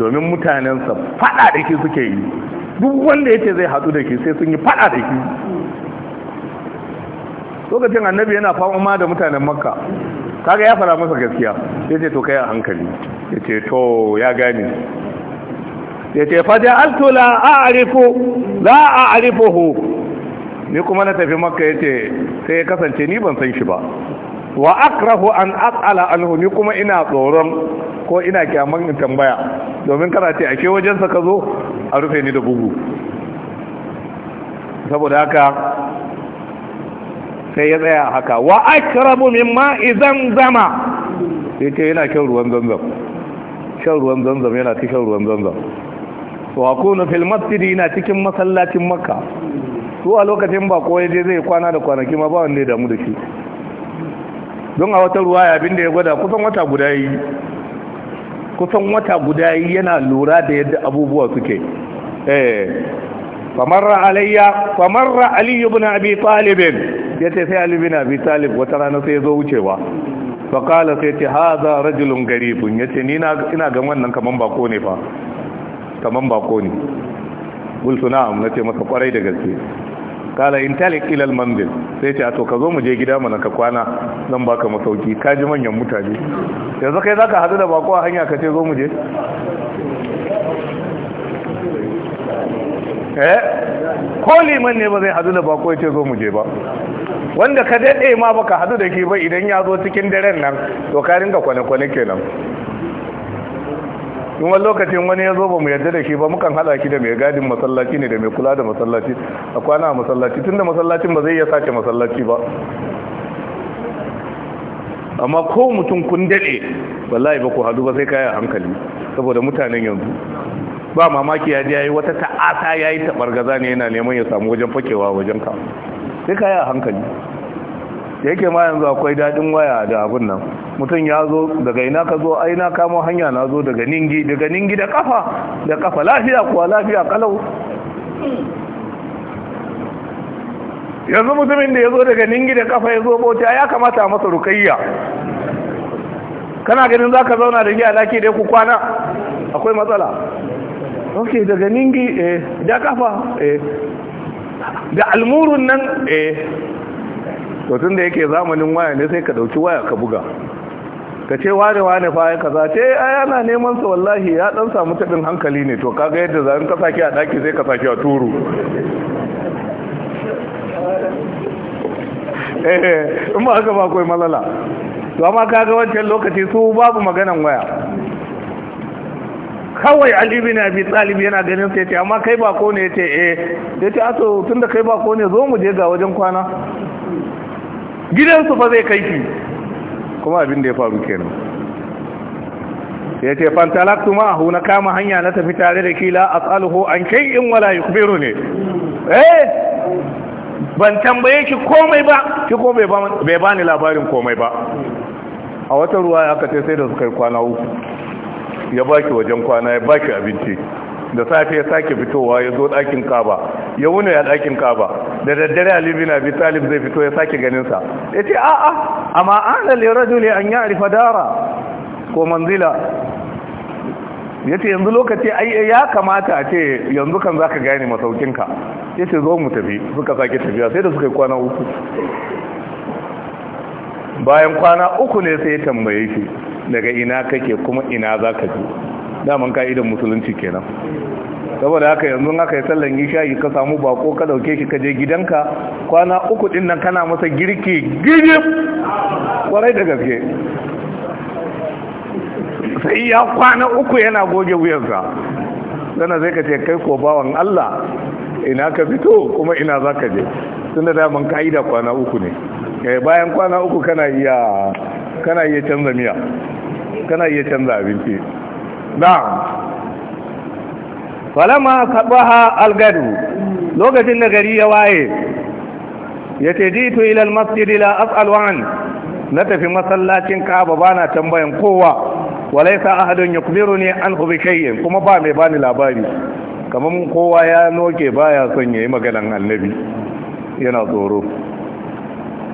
domin mutanensa fada da ke suke yi duk wanda yace zai hadu da ke sai sun yi fada da ke lokacin annabi yana fama da mutanen makka kaga ya fara masa gaskiya sai ce to kai a hankali ya ce to ya gani. ya ce fa ja'altu la a'rifu la a'rifuhu ni kuma na tafi makka ce sai ya kasance ni ban san shi ba wa akrahu an as'ala anhu ni kuma ina tsoron ko ina kyaman in tambaya domin kana ce ake wajen sa ka zo a rufe ni da bugu saboda haka sai ya tsaya haka wa akramu mimma idan zama sai ce yana shan ruwan zanzam shan ruwan zanzam yana ta shan ruwan zanzam wa kuna fil masjidi ina cikin masallacin makka su a lokacin ba ko yaje zai kwana da kwanaki ma ba wanda ya damu da shi don a wata ruwa abin da ya gwada kusan wata guda yi kusan wata guda yi yana lura da yadda abubuwa suke eh famarra alayya famarra ali ibn abi talib ya ce sai alibi bin Abi Talib wata rana sai ya zo wucewa faƙala sai ce hadha rajulun ya ce ni ina ga wannan kaman bako ne fa kaman bako ne qultu na'am ce masa kwarai da gaske kala in talib ilal almanzil sai ce a to ka zo mu je gida mana ka kwana zan baka masauki ka ji manyan mutane yanzu kai za ka hadu da bako a hanya ka ce zo mu je Eh? ko liman ne ba zai hadu da bako ya ce zo mu je ba wanda ka dade ma baka hadu da ke ba idan ya zo cikin daren nan to ka ringa kwane-kwane kenan in wani lokacin wani ya zo ba mu yarda da shi ba mukan hada ki da mai gadin masallaci ne da mai kula da masallaci a kwana a masallaci tun da masallacin ba zai iya sace masallaci ba amma ko mutum kun daɗe wallahi ba ku hadu ba sai kaya hankali saboda mutanen yanzu ba mamaki ya je yi wata ta'ata yi taɓargaza ne yana neman ya samu wajen fakewa wajen ka sai ka yi a hankali da yake ma yanzu akwai daɗin waya da abin nan mutum ya zo daga ina ka zo ai na kamo hanya na zo daga ningi daga ningi da kafa da kafa lafiya kuwa lafiya kalau yanzu mutumin da ya zo daga ningi da kafa ya zo bauta ya kamata masa rukayya kana ganin za ka zauna da giya laki dai ku kwana akwai matsala ok daga ningi eh, da kafa eh, da almurun nan eh tutun da yake zamanin waya ne sai ka dauki waya ka buga ka ce ware wane fa ya za ce ai ana neman su wallahi ya dan samu tabin hankali ne to kaga yadda za in ka saki a daki sai ka saki a turu eh in ba haka ba akwai malala to amma kaga wancan lokaci su babu maganan waya kawai ali bin abi talib yana ganin sai ce amma kai bako ne yace eh yace ah, to tunda kai bako ne zo mu je ga wajen kwana gidansu fa zai kai ki kuma abin da ya faru kenan yace fantalaktu hu na kama hanya na tafi tare da kila as'aluhu an kai in wala ne eh ban tambaye ki komai ba ki ko bai bani labarin komai ba a wata ruwa ya ce sai da su kai kwana uku ya baki wajen kwana ya baki abinci da safe ya sake fitowa ya zo ɗakin kaba ya wuna ya ɗakin kaba da daddare ali bin abi talib zai fito ya sake ganinsa ya ce a'a amma an la rajuli an ya'rifa dara ko manzila ya ce yanzu lokaci ya kamata a ce yanzu kan za ka gane masaukin ya ce zo mu tafi suka sake tafiya sai da suka yi kwana uku bayan kwana uku ne sai ya tambaye shi daga ina kake kuma ina za ka je daman ka'idan musulunci kenan saboda haka yanzu aka yi sallan shayi ka samu bako ka dauke shi ka je gidanka kwana uku din nan kana masa girki gidi kwarai da gaske sai ya kwana uku yana goge wuyarsa. sana zai ka ce kai ko bawan Allah ina ka fito kuma ina za ka je tun da daman ka'ida kwana uku ne eh, bayan kwana uku kana iya kana iya canza miya kana iya canza abinci na'am falama kabaha algadu lokacin da gari ya waye ya ce jitu ilal masjidi la as'alu an na tafi masallacin kaba bana tambayan kowa walaisa ahadun yukbiruni anhu bi shay'in kuma ba mai bani labari kamar kowa ya noke baya son yayi maganan annabi yana tsoro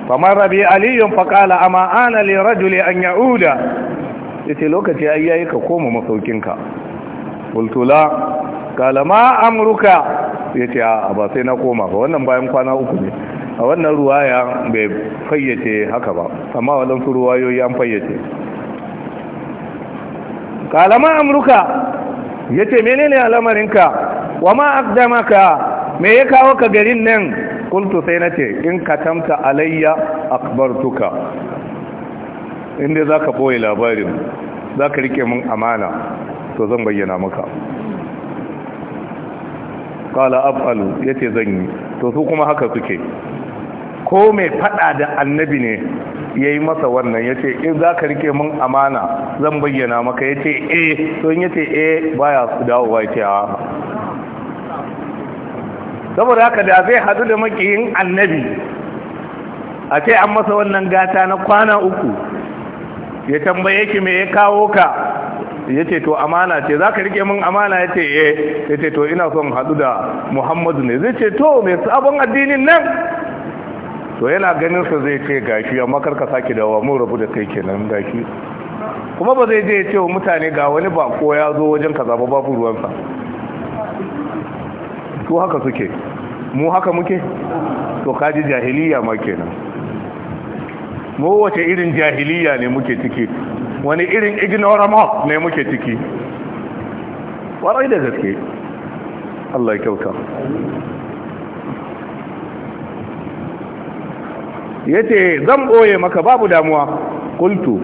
kamar rabi aliyun faƙala amma ana li rajuli an ya ce lokaci ya yayi ka koma masaukinka bultula kalama amurka ya ce a ba sai na koma ba wannan bayan kwana uku ne a wannan ruwaya bai fayyace haka ba amma waɗansu ruwayoyi an fayyace kalama amurka ya ce menene alamarinka wa ma akdamaka me ya kawo ka garin nan kultu sai na ce in katamta alayya akbartuka inda za ka ɓoye labarin za ka rike mun amana to zan bayyana maka kala af'alu ya ce zan yi to su kuma haka suke ko mai fada da annabi ne ya yi masa wannan ya ce in za ka rike mun amana zan bayyana maka ya ce eh to ya ce eh baya su dawo ya ce a saboda haka da zai hadu da makiyin annabi a ce an masa wannan gata na kwana uku ya tambaye ki me ya kawo ka ya ce to amana ce za ka rike min amana ya ce eh ya ce to ina son haɗu da muhammadu ne zai ce to mai sabon addinin nan to yana ganin sa zai ce gashi amma karka sake dawa mun rabu da kai kenan gashi kuma ba zai je ya ce wa mutane ga wani bako ya zo wajen kaza ba babu ruwansa to haka suke mu haka muke to kaji jahiliya ma kenan mu wace irin jahiliya ne muke ciki wani irin ignoramus ne muke ciki warai da gaske Allah ya kyauta ya ce zan ɓoye maka babu damuwa kultu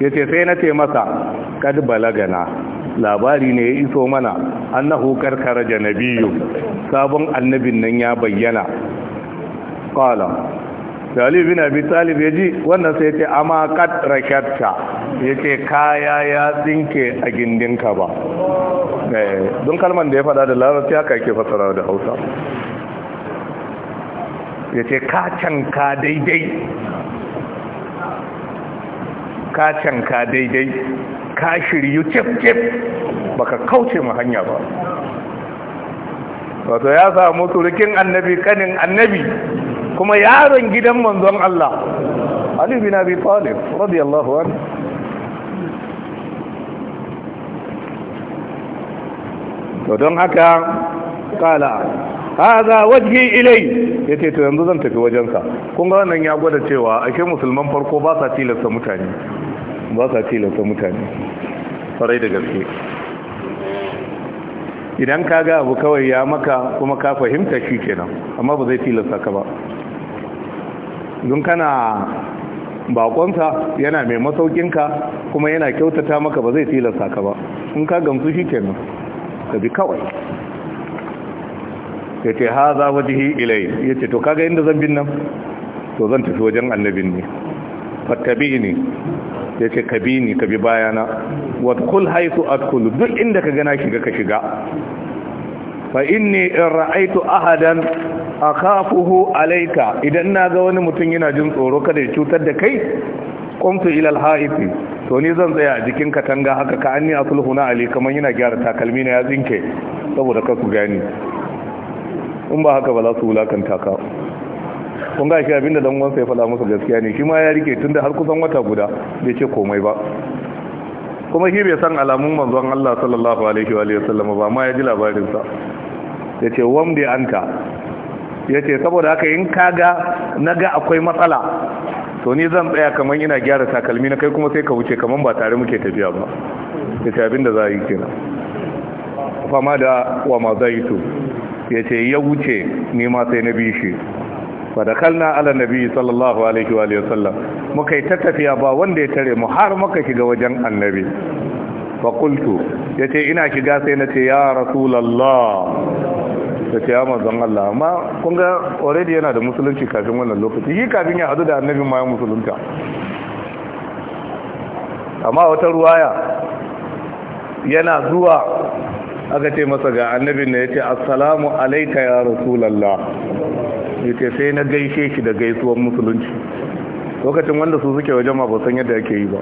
ya ce sai na ce masa kad na. labari ne ya iso mana annahu karkara da nabiyu sabon annabin nan ya bayyana ƙala da Ali bin Abi Talib ya ji wannan sai ya ce amma qad rakatta ce kaya ya tsinke a gindinka ba eh, don kalman da ya fada da larabci haka yake fasara da Hausa ya ce ka canka daidai ka canka daidai ka shiryu cif cif baka kauce mu hanya ba wato ya samu surukin annabi kanin annabi kuma yaron gidan manzon Allah Ali bin Abi Talib radiyallahu anhu to don haka kala haza wajhi ilai yace to yanzu zan tafi wajensa kun ga wannan ya gwada cewa ake musulman farko ba sa tilasta mutane ba sa tilasta mutane farai da gaske idan ka ga abu kawai ya maka kuma ka fahimta shi kenan amma ba zai tilasta ka ba don kana bakonsa yana mai masaukinka kuma yana kyautata maka ba zai tilasta ka ba in ka gamsu shi kenan ka bi kawai ya ce ha za wajihi ilai ya to kaga inda zan bin nan to zan tafi wajen annabin ne fattabi ne ya ce ka bi ni ka bi bayana watkul atkulu duk inda ka gana shiga ka shiga fa inni in ra'aitu ahadan akhafuhu alayka idan na ga wani mutum yana jin tsoro kada ya cutar da kai qumtu ila al to ni zan tsaya a jikin katanga haka ka anni na ali kaman yana gyara takalmi na ya zinke saboda ka ku gani in ba haka ba za su wulakanta ka kun ga shi abinda dan wansa ya faɗa masa gaskiya ne shi ma ya rike tunda har kusan wata guda bai ce komai ba kuma shi bai san alamun manzon Allah sallallahu alaihi wa sallam ba ma ya ji labarin sa ya ce wamde an ta ya ce saboda haka yin kaga na ga akwai matsala to ni zan tsaya kamar ina gyara takalmi na kai kuma sai ka wuce kamar ba tare muke tafiya ba ya ce abinda za a yi kina fama da wa ma zai su ya ce ya wuce ni ma sai na bi shi kalna ala nabi sallallahu alaihi wa sallam muka yi ta tafiya ba wanda ya tare mu har muka shiga wajen annabi fakultu ya ce ina shiga sai na ce ya rasulallah ta ce ya manzon Allah amma kun ga already yana da musulunci kafin wannan lokaci yi kafin ya hadu da annabin ma musulunta amma wata ruwaya yana zuwa aka ce masa ga annabin ne yace assalamu alayka ya rasulullah yace sai na gaishe shi da gaisuwar musulunci lokacin wanda su suke wajen ma ba san yadda yake yi ba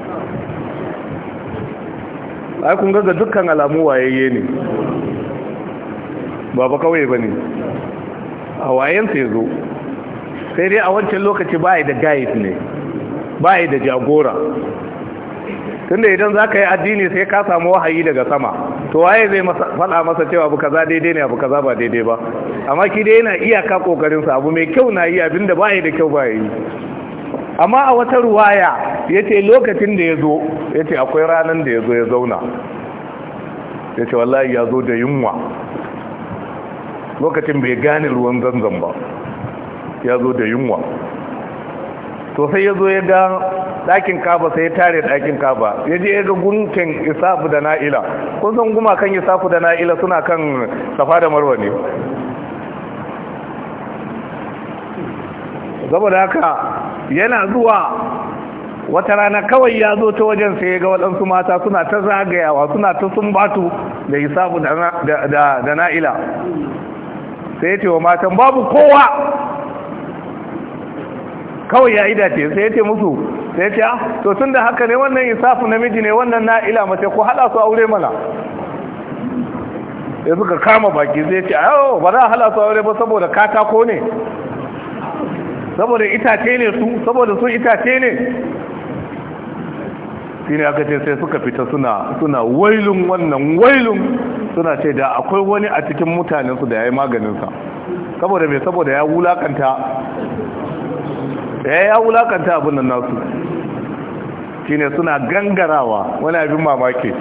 ai kun ga dukkan alamu wayayye ne ba ba kawai ba ne a wayensa ya zo sai dai a wancan lokaci ba da guide ne ba da jagora tunda idan za ka yi addini sai ka samu wahayi daga sama to waye zai faɗa masa cewa abu kaza daidai ne abu kaza ba daidai ba amma ki dai yana iyaka kokarinsa abu mai kyau na yi abinda ba da kyau ba yi amma a wata ruwaya ya lokacin da ya zo ya ce akwai ranar da ya zo ya zauna ya ce wallahi ya zo da yunwa lokacin bai gane ruwan zanzan ba ya zo da yunwa to sai ya zo ya ga ɗakin kaba sai ya tare ɗakin kaba ya je ya ga gunken isafu da na'ila kun san guma kan isafu da na'ila suna kan safa da marwa ne saboda haka yana zuwa wata rana kawai ya zo ta wajen sai ga waɗansu mata suna ta zagayawa suna ta sumbatu da hisabu da na'ila sai ce wa matan babu kowa kawai ya idace sai ce musu sai ce ah, to tun da haka ne wannan isafu namiji ne wannan na ila mace ko hada su aure mana ya suka kama baki zai ce ayo ba za a hada su aure ba saboda katako ne saboda itace ne su saboda su itace ne shine aka ce sai suka fita suna suna wailun wannan wailun suna ce da akwai wani a cikin mutanensu su da ya yi maganinsa saboda me saboda ya wulakanta ya ya wulakanta abin nan nasu shine suna gangarawa wani abin mamaki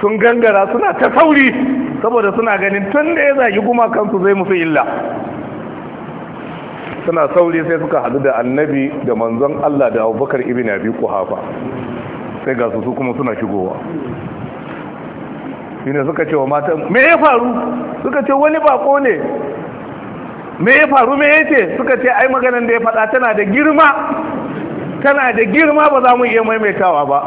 sun gangara suna ta sauri saboda suna ganin tun da ya zagi gumakansu zai musu illa suna sauri sai suka hadu da annabi da manzon Allah da abubakar biyu ku hafa. sai ga su kuma suna shigowa shine suka ce wa matan me ya faru suka ce wani bako ne me ya faru me ya ce suka ce ai maganan da ya faɗa tana da girma tana da girma ba za mu iya maimaitawa ba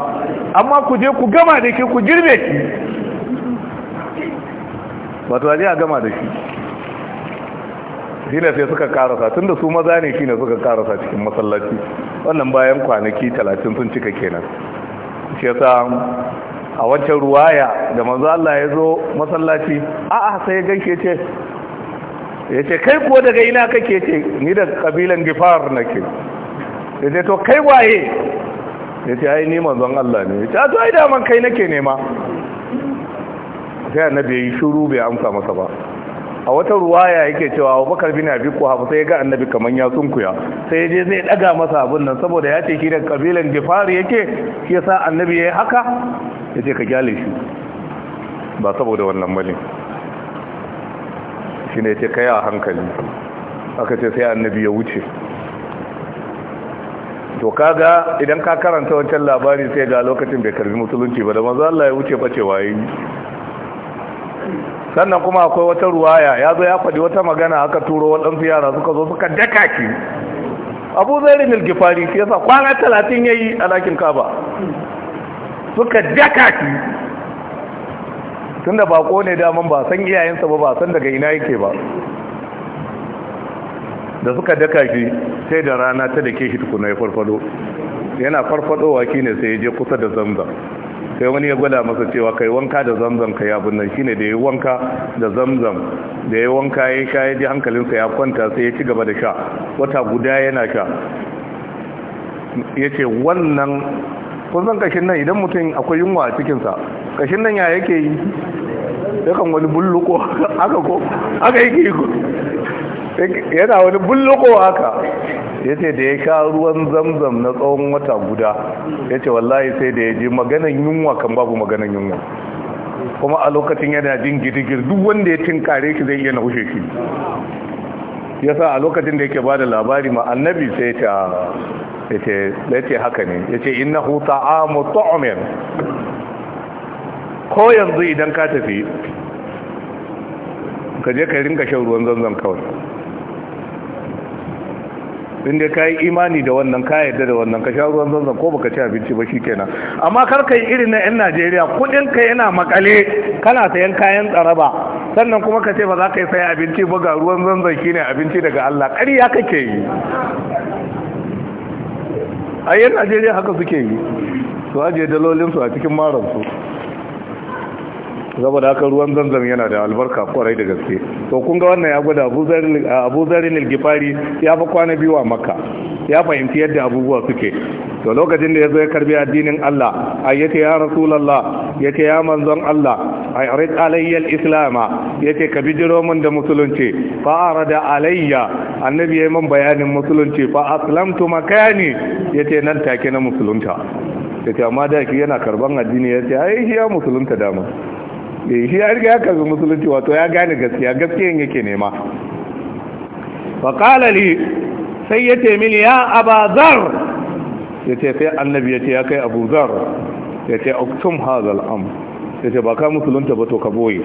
amma ku je ku gama da ke ku girbe ki wato a a gama da shi shine sai suka karasa tun da su maza ne shine suka karasa cikin masallaci wannan bayan kwanaki talatin sun cika kenan shi yasa a wancan ruwaya da manzo Allah ya zo masallaci a'a sai ya ganke ce ya kai ko daga ina kake ce ni da kabilan gifar nake ya ce to kai waye ya ce ai ni manzon Allah ne ya ce to ai da man kai nake nema sai annabi ya yi shiru bai amsa masa ba a wata ruwaya yake cewa Abubakar bin Abi Quhafa sai ya ga Annabi kaman ya sunkuya sai ya je zai daga masa abun nan saboda ya ce shi da kabilan Gifar yake shi yasa Annabi yayi haka yace ka gyale shi ba saboda wannan bane ne yace kai a hankali aka ce sai Annabi ya wuce to kaga idan ka karanta wancan labari sai ga lokacin bai karbi musulunci ba da manzo Allah ya wuce bacewa yayi sannan kuma akwai wata ruwaya ya zo ya faɗi wata magana aka turo waɗansu yara suka zo suka daka ki abu zai milgifari shi yasa kwana talatin ya yi a lakin kaba suka daka ki tun da bako ne daman ba san iyayensa ba ba san daga ina yake ba da suka daka shi sai da rana ta da ke shi tukuna ya farfado yana farfadowa ne sai ya je kusa da zamzam sai wani ya gwada masa cewa kai wanka da zamzam ka ya bunnan shine da ya wanka da zamzam da ya wanka ya sha ya ji hankalinsa ya kwanta sai ya ci gaba da sha wata guda yana sha ya ce wannan kusan kashin nan idan mutum akwai yunwa a cikinsa kashin nan ya yake yi yakan wani bulluko haka ko haka yake yi yana wani bulluko haka ya ce da ya sha ruwan zamzam na tsawon wata guda ya ce wallahi sai da ya ji maganin yunwa kan babu maganin yunwa kuma a lokacin yana jin girgir duk wanda ya tinkare shi zai iya na hushe shi sa a lokacin da yake ba da labari ma annabi sai ta ah, ya ce haka ne ya ce ina huta a mutu omen ko yanzu idan ka tafi ka je ka ringa shan ruwan zanzan kawai In inda ka yi imani da wannan ka yarda da wannan ka sha ruwan zanzan ko baka ci abinci ba shikenan amma kar ka yi irin na yan najeriya kudin ka yana makale kana sayan kayan tsaraba sannan kuma ka ce ba za ka yi sayan abinci ba ga ruwan zanzan shine abinci daga allah ƙarya kake yi a yan najeriya haka suke yi su ajiye dalolinsu a cikin maransu saboda haka ruwan zanzan yana da albarka kwarai da gaske to kun ga wannan ya gwada abu zarin ilgifari ya fi kwana biyu a makka ya fahimci yadda abubuwa suke to lokacin da ya zo ya karbi addinin Allah ai yace ya rasulullah yace ya manzon Allah ai arid alayyal islama islam yace ka jiro mun da musulunci fa arada alayya annabi yi mun bayanin musulunci fa aslamtu makani yace nan take na musulunta yace amma da yake yana karban addini yace ai shi ya musulunta dama Eh, shi ya riga ya karbi musulunci wato ya gane gaskiya gaskiyan yake nema faƙala li sai ya ce ya abazar ya ce sai annabi ya ce ya kai abuzar ya ce oktum hazal am ya ce ba ka musulunta ba to ka boye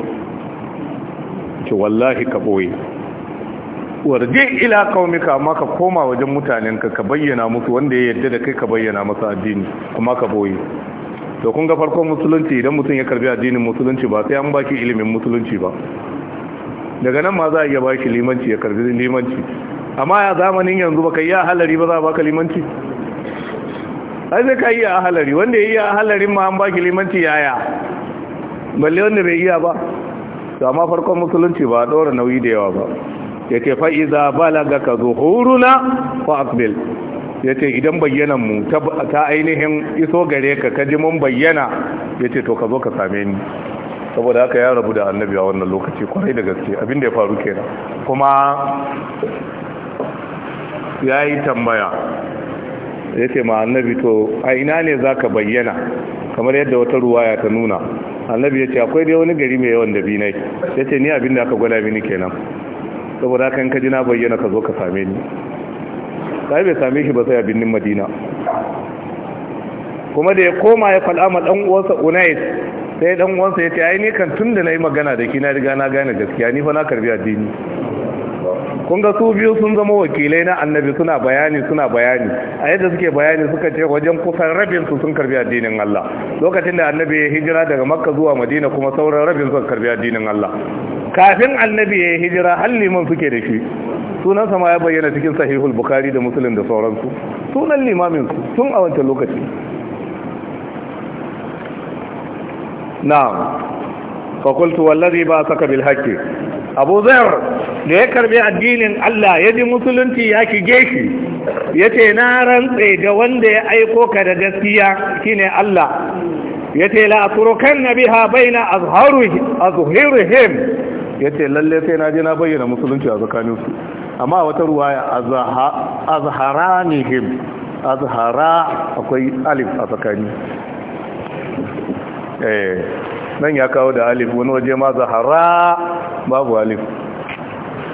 ce wallahi ka boye warje ila kaumika amma ka koma wajen mutanenka ka bayyana musu wanda ya yarda da kai ka bayyana masa addini amma ka boye to kun ga farkon musulunci idan mutum ya karbi addinin musulunci ba sai an baki ilimin musulunci ba daga nan ma za a iya baki limanci ya karbi limanci amma ya zamanin yanzu baka yi a halari ba za a baka limanci ai sai ka yi a halari wanda ya yi a halarin ma an baki limanci yaya balle wanda bai iya ba to amma farkon musulunci ba a ɗora nauyi da yawa ba Yake fa iza balaga ka zuhuruna fa aqbil ya ce idan bayyanan mu ta ainihin iso gare ka kaji mun bayyana ya ce to ka zo ka same ni saboda haka ya rabu da annabi a wannan lokaci kwarai da gaske abin da ya faru kenan kuma ya yi tambaya ya ce ma annabi to a ina ne za ka bayyana kamar yadda wata ruwaya ta nuna annabi ya ce akwai dai wani gari mai yawan da dabinai ya ce ni abin da aka gwada mini kenan saboda haka kaji ji na bayyana ka zo ka same ni sai bai same shi ba sai a binnin madina kuma da ya koma ya fal'ama dan uwansa unais sai dan uwansa ya ce ai ne kan tunda nayi magana da ki na riga na gane gaskiya ni fa na karbi addini kun ga su biyu sun zama wakilai na annabi suna bayani suna bayani a yadda suke bayani suka ce wajen kusan rabin su sun karbi addinin Allah lokacin da annabi ya hijira daga makka zuwa madina kuma sauran rabin sun karbi addinin Allah kafin annabi ya hijira halliman suke da shi sunan sama ya bayyana cikin sahihul bukhari da Musulun da sauransu sunan limamin su tun a wancan lokaci na'am fa qultu wallazi ba saka bil haqqi abu zar da ya karbi addinin Allah ya ji musulunci ya shige shi yace na rantse da wanda ya aiko ka da gaskiya shine Allah yace la atrukanna biha baina azharuhum azhirihim ya ce lalle sai na je na bayyana musulunci a tsakaninsu amma wata ruwa azharanihim azhara akwai alif a tsakani eh, nan ya kawo da alif wani waje ma zahara babu alif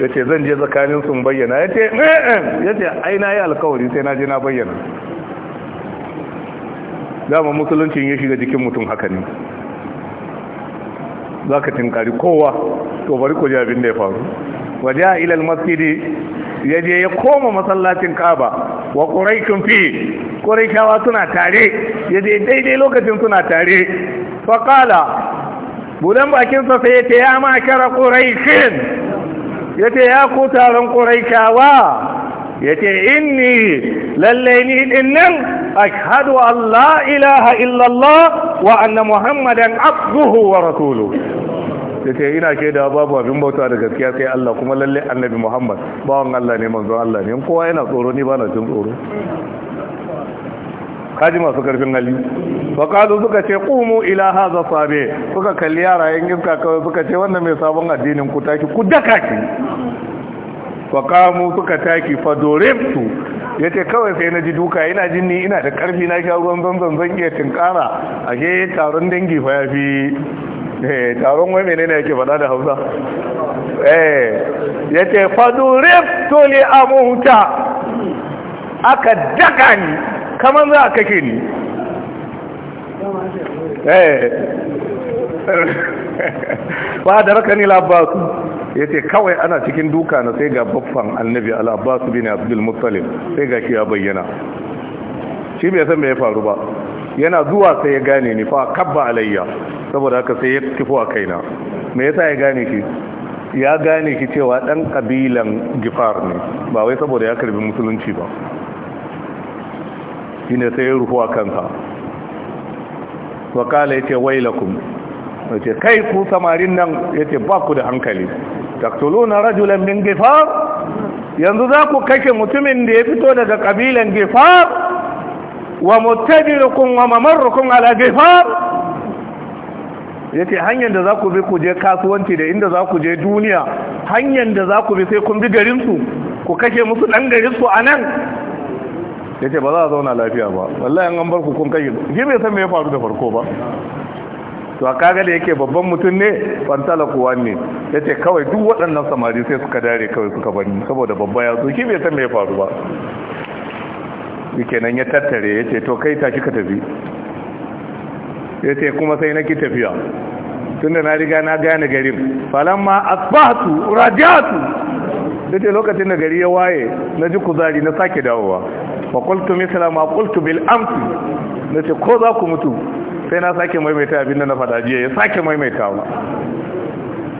yace zan je tsakanin sun bayyana yace eh, eh. yace na yi alkawari sai na je na bayyana dama musuluncin ya shiga jikin mutum haka ne za ka tinkari kowa to bari ko ji abin da ya faru waje ilal almasjidi ya je ya koma masallacin kaba wa quraikun fi quraikawa suna tare ya je daidai lokacin suna tare fa qala bulan bakin sai ya ce ya ma kara quraikin ya ce ya ku taron quraikawa ya ce inni lallai ni dinnan ashhadu an ilaha illallah wa anna muhammadan abduhu wa rasuluhu sai ce ina ke da babu abin bauta da gaskiya sai Allah kuma lalle annabi Muhammad bawan Allah ne manzon Allah ne kowa yana tsoro ni ba na jin tsoro kaji masu karfin hali wa kalu suka ce qumu ila hadha sabe suka kalli yara yan iska kawai suka ce wannan mai sabon addinin ku taki ku daka ki wa suka taki fa doreftu yace kawai sai na ji duka ina jin ni ina da karfi na sha ruwan zanzan zan iya tinkara ashe taron dangi fa yafi eh taron wai menene yake faɗa da Hausa eh yace to li amuta aka daka ni kaman za ka kake ni eh wa da rakani labbasu ya ce kawai ana cikin duka na sai ga babban annabi al-abbas bin abdul muttalib sai ga shi ya bayyana shi bai san me ya faru ba yana zuwa sai ya gane ni fa kabba alayya saboda haka sai ya kifo a kaina me yasa ya gane ki ya gane ki cewa dan kabilan gifar ne ba wai saboda ya karbi musulunci ba shine sai ya rufu a kansa wakala yace wailakum yace kai ku samarin nan yace ba ku da hankali taktuluna rajulan min gifar yanzu za ku kake mutumin da ya fito daga kabilan gifar ومتجركم وممركم على جفار yake hanyar da za ku bi ku je kasuwanci da inda za ku je duniya hanyar da za ku bi sai kun bi garinsu ku kashe musu ɗan garinsu a nan yace ba za a zauna lafiya ba wallahi an bar ku kun kashe shi bai san me ya faru da farko ba to a kaga da yake babban mutum ne fantala kuwa ne ya ce kawai duk waɗannan samari sai suka dare kawai suka bani saboda babba ya so shi bai san faru ba nan ya tattare ya ce to kai tashi ka tafi ya ce kuma sai na ki tafiya tunda na riga na gane garin falamma asbahtu da dace lokacin da gari ya waye na ji kuzari na sake dawowa fa qultu mithla ma qultu bil amsi ce ko za ku mutu sai na sake maimaita abin da na faɗa jiya ya sake maimaitawa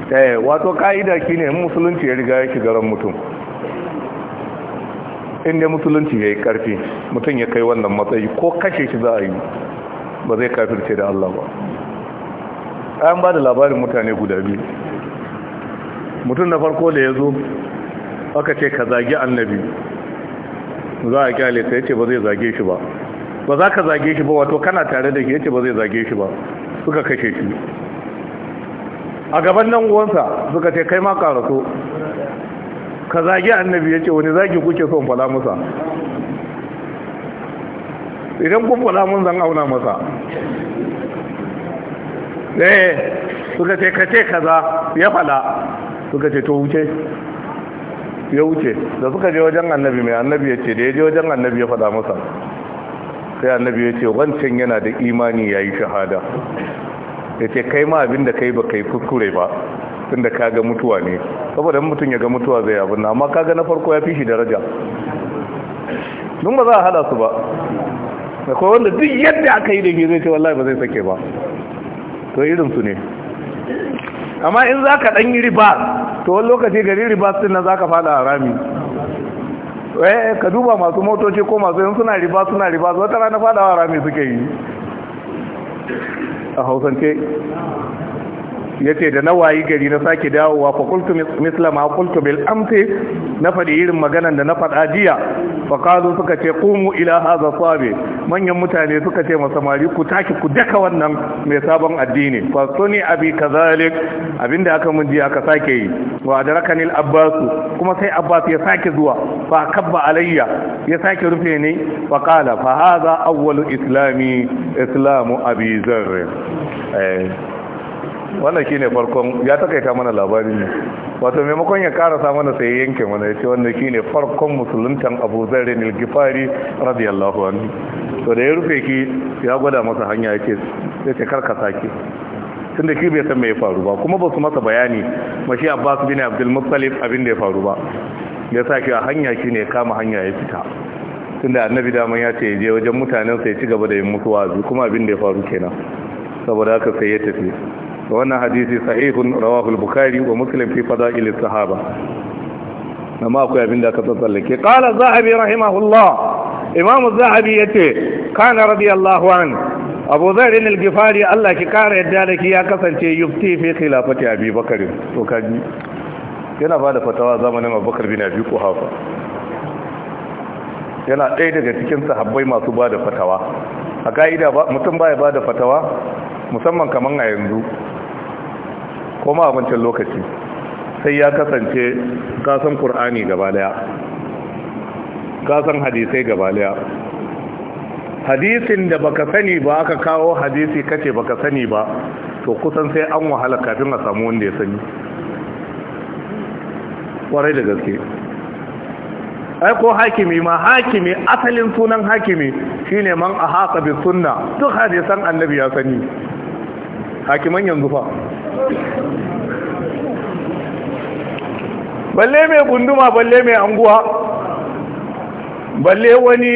eh wato kaida shine in musulunci ya riga ya shiga ran mutum inda musulunci ya yi ƙarfi mutum ya kai wannan matsayi ko kashe shi za a yi ba zai kafirce da Allah ba an ba da labarin mutane guda biyu mutum na farko da ya zo aka ce ka zagi annabi za a kyale ta yace ba zai zage shi ba ba za ka zage shi ba wato kana tare da shi yace ba zai zage shi ba suka kashe shi a gaban nan uwansa suka ce kai ma ƙaraso. ka zagi annabi ya ce wani zagi kuke son fada masa idan kun fada mun zan auna masa eh suka ce ka ce kaza ya fada suka ce to wuce ya wuce da suka je wajen annabi mai annabi ya ce da ya je wajen annabi ya fada masa sai annabi ya ce wancan yana da imani ya yi shahada ya ce kai ma abinda kai ba kai kuskure ba lokacin da kaga mutuwa ne saboda mutum ya ga mutuwa zai abin na amma kaga na farko ya fi shi daraja dun ba za a hada su ba kawai wanda duk yadda aka yi da shi zai ce wallahi ba zai sake ba to irin su ne amma in za ka ɗan yi riba to wani lokaci gari riba sun na za ka fada a rami eh, eh ka duba masu motoci ko masu yin suna riba suna riba wata rana a rami suke yi a hausance yace da na wayi gari na sake dawowa fa qultu misla ma qultu bil amsi na fadi irin maganan da na fada jiya fa qalu suka ce qumu ila hadha sabi manyan mutane suka ce masa samari ku taki ku daka wannan mai sabon addini fa suni abi kazalik abinda aka mun jiya aka sake yi wa adrakanil abbas kuma sai abbas ya sake zuwa fa kabba alayya ya sake rufe ni fa qala fa hadha awwalu islami islamu abi zarr eh, wannan shine farkon ya takaita mana labarin ne wato maimakon ya karasa mana sai yanke mana ya ce wannan shine farkon musuluntan abu zarri ne gifari radiyallahu anhu to da ya rufe ki ya gwada masa hanya ya ce sai ce karka sake tun da shi bai san mai faru ba kuma ba su masa bayani mashi abbas bin abdul muttalib abin da ya faru ba ya sa a hanya shi ne kama hanya ya fita tunda annabi daman ya ce je wajen mutanen sai ci gaba da yin mutuwa kuma abin da ya faru kenan saboda haka sai ya tafi to wannan hadisi sahihun rawahu al-bukhari wa muslim fi fada'il as-sahaba amma akwai abin da aka tsallake qala zahabi rahimahullah imam zahabi yace kana radiyallahu an abu zar al-gifari Allah ki kara yadda da ki ya kasance yufti fi khilafati abi bakr to kaji yana bada fatawa zamanin abubakar bin abi kuhafa yana ɗaya daga cikin sahabbai masu bada fatawa a ka'ida mutum baya bada fatawa musamman kaman a yanzu kuma a wancan lokaci sai ya kasance kasan Kur'ani gaba daya kasan hadisai gaba daya hadisin da baka sani ba aka kawo hadisi kace baka sani ba to kusan sai an wahala kafin a samu wanda ya sani kwarai da gaske ai ko hakimi ma hakimi asalin sunan hakimi shine man ahata bi sunna duk hadisan annabi ya sani hakiman yanzu fa balle mai gunduma balle mai anguwa balle wani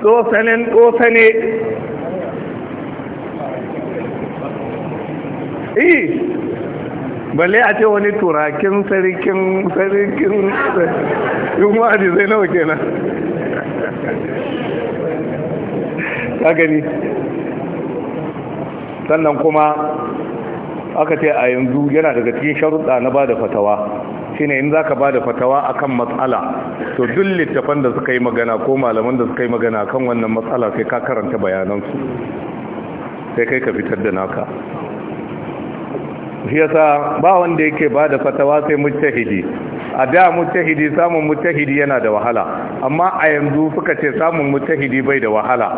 tsosanin tsofane iyi balle a ce wani turakin sarikin sarikin yin wa'adi zai nawa kenan ta gani sannan kuma aka ce a yanzu yana daga cikin sharuɗa na ba da fatawa shine in za zaka bada fatawa akan matsala to duk littafan da suka yi magana ko malaman da suka yi magana kan wannan matsala sai ka karanta bayanan su sai kai ka fitar da naka shi yasa ba wanda yake bada fatawa sai mujtahidi a da mujtahidi samun mujtahidi yana da wahala amma a yanzu suka ce samun mujtahidi bai da wahala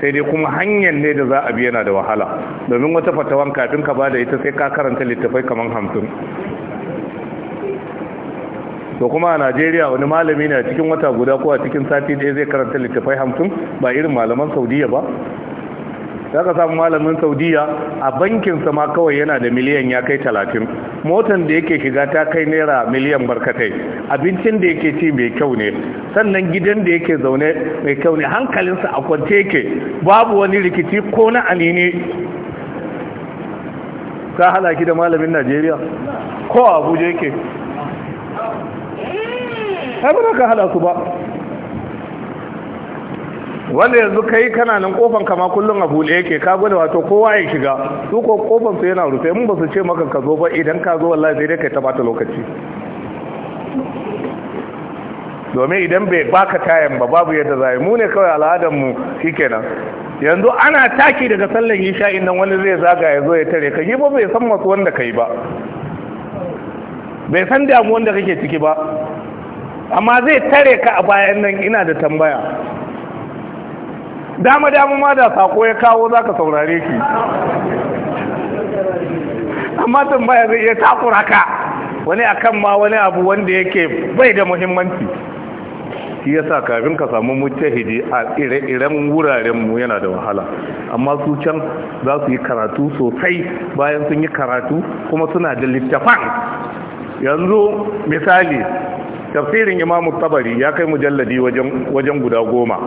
sai dai kuma hanyar ne da za a bi yana da wahala domin wata fatawan kafin ka bada ita sai ka karanta littafai kamar hamsin to kuma a najeriya wani malami ne a cikin wata guda ko a cikin sati ɗaya zai karanta littafai hamsin ba irin malaman saudiya ba za ka samu malamin saudiya a bankin sama kawai yana da miliyan ya kai talatin motan da yake shiga ta kai naira miliyan barkatai abincin da yake ci mai kyau ne sannan gidan da yake zaune mai kyau ne hankalinsa a kwance yake babu wani rikici ko na anini ka halaki da malamin najeriya ko abuja yake har ba ka hada su ba wanda yanzu kai kana nan kofan kama kullum a buɗe yake ka gwada wato kowa ya shiga su ko kofan su yana rufe mun ba su ce maka ka zo ba idan ka zo wallahi sai dai kai ta bata lokaci domin idan bai baka tayan ba babu yadda zai mu ne kawai al'adar mu shikenan yanzu ana taki daga sallan isha nan wani zai zaga ya zo ya tare ka yi ba bai san masu wanda kai ba bai san damuwan da kake ciki ba amma zai tare ka a bayan nan ina da tambaya dama dama ma da sako ya kawo za ka saurare ki amma tambaya zai iya takura ka wani akan ma wani abu wanda yake bai da muhimmanci shi yasa kafin ka samu mujtahidi a ire-iren wuraren mu yana da wahala amma su can za su yi karatu sosai bayan sun yi karatu kuma suna da littafan yanzu misali tafsirin imamu tabari ya kai mujalladi wajen guda goma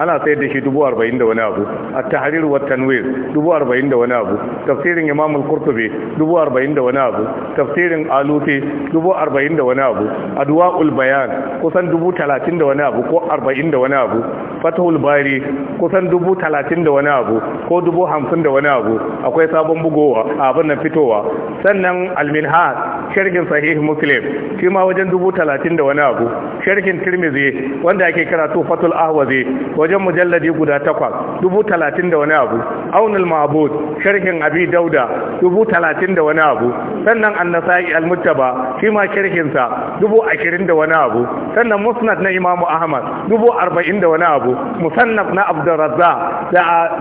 ana sayar da shi dubu arba'in da wani abu a tahrir wa tanwir dubu arba'in da wani abu tafsirin imamu kurtube dubu arba'in da wani abu tafsirin aluti dubu arba'in da wani abu adwa'ul bayan kusan dubu talatin da wani abu ko arba'in da wani abu fatahul bari kusan dubu talatin da wani abu ko dubu hamsin da wani abu akwai sabon bugowa abin nan fitowa sannan alminhas sharhin sahih muslim shi ma wajen dubu talatin da wani wani abu sharhin tirmizi wanda ake kira tufatul ahwazi wajen mujalladi guda takwas dubu talatin da wani abu aunul mabud sharhin abi dauda dubu talatin da wani abu sannan annasai almuttaba shi ma sharhinsa dubu ashirin da wani abu sannan musnad na imamu ahmad dubu arba'in da wani abu musannaf na abdurrazza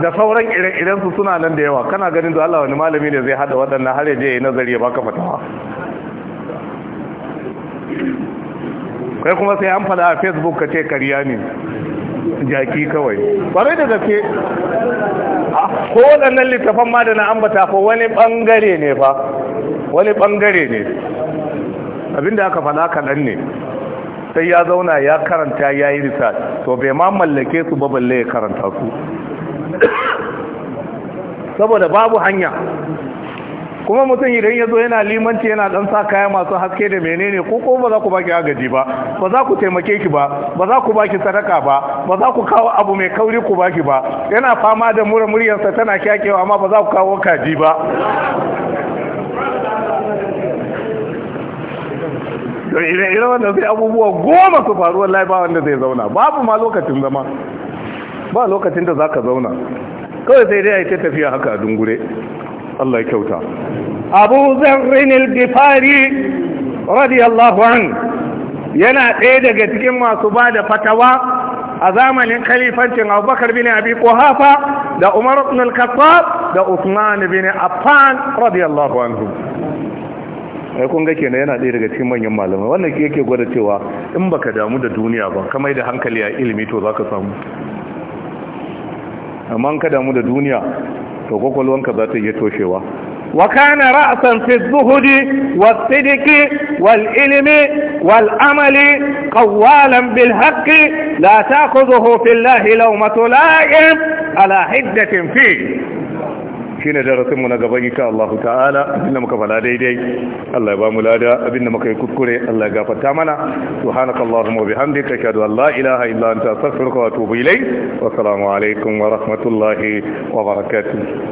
da sauran ire-irensu suna nan da yawa kana ganin da allah wani malami ne zai hada waɗannan har ya je ya nazari ya baka fatawa kai kuma sai an fada a facebook ka ce kariya ne jaki kawai kwarai da gaske ko waɗannan littafan ma da na ambata ko wani ɓangare ne fa wani ɓangare ne abinda aka fada kaɗan ne sai ya zauna ya karanta ya yi risa to bai ma mallake su ba ya karanta su saboda babu hanya kuma mutum idan ya zo yana limanci yana dan sa kaya masu haske da menene ko ko ba za ku baki agaji ba ba za ku taimake ki ba ba za ku baki sadaka ba ba za ku kawo abu mai kauri ku baki ba yana fama da mura muryarsa tana kyakewa amma ba za ku kawo kaji ba don idan iren wanda sai abubuwa goma su faru wallahi ba wanda zai zauna babu ma lokacin zama ba lokacin da zaka zauna kawai sai dai a yi ta tafiya haka a dungure Allah ya kyauta abu zarrin al-gifari radiyallahu an yana ɗaya daga cikin masu ba da fatawa a zamanin kalifancin abubakar bin abi kuhafa da umar ibn al-khattab da usman bin affan radiyallahu anhu ai kun gake kenan yana ɗaya daga cikin manyan malamai wannan yake gwada cewa in baka damu da duniya ba kamar da hankali a ilimi to za ka samu amma ka damu da duniya to kwakwalwanka za ta iya toshewa wa kana ra'san fi zuhudi wa sidiki wal ilmi wal amali qawwalan bil haqqi la ta'khudhuhu llahi lawmatu la'im ala hiddatin fi shine darasin mu na gaban insha Allah ta'ala inda muka fada daidai Allah ya ba mu lada abinda muka yi kuskure Allah ya gafarta mana subhanakallahumma wa bihamdika ashhadu an la ilaha illa anta astaghfiruka wa atubu ilayk wa alaikum wa rahmatullahi wa barakatuh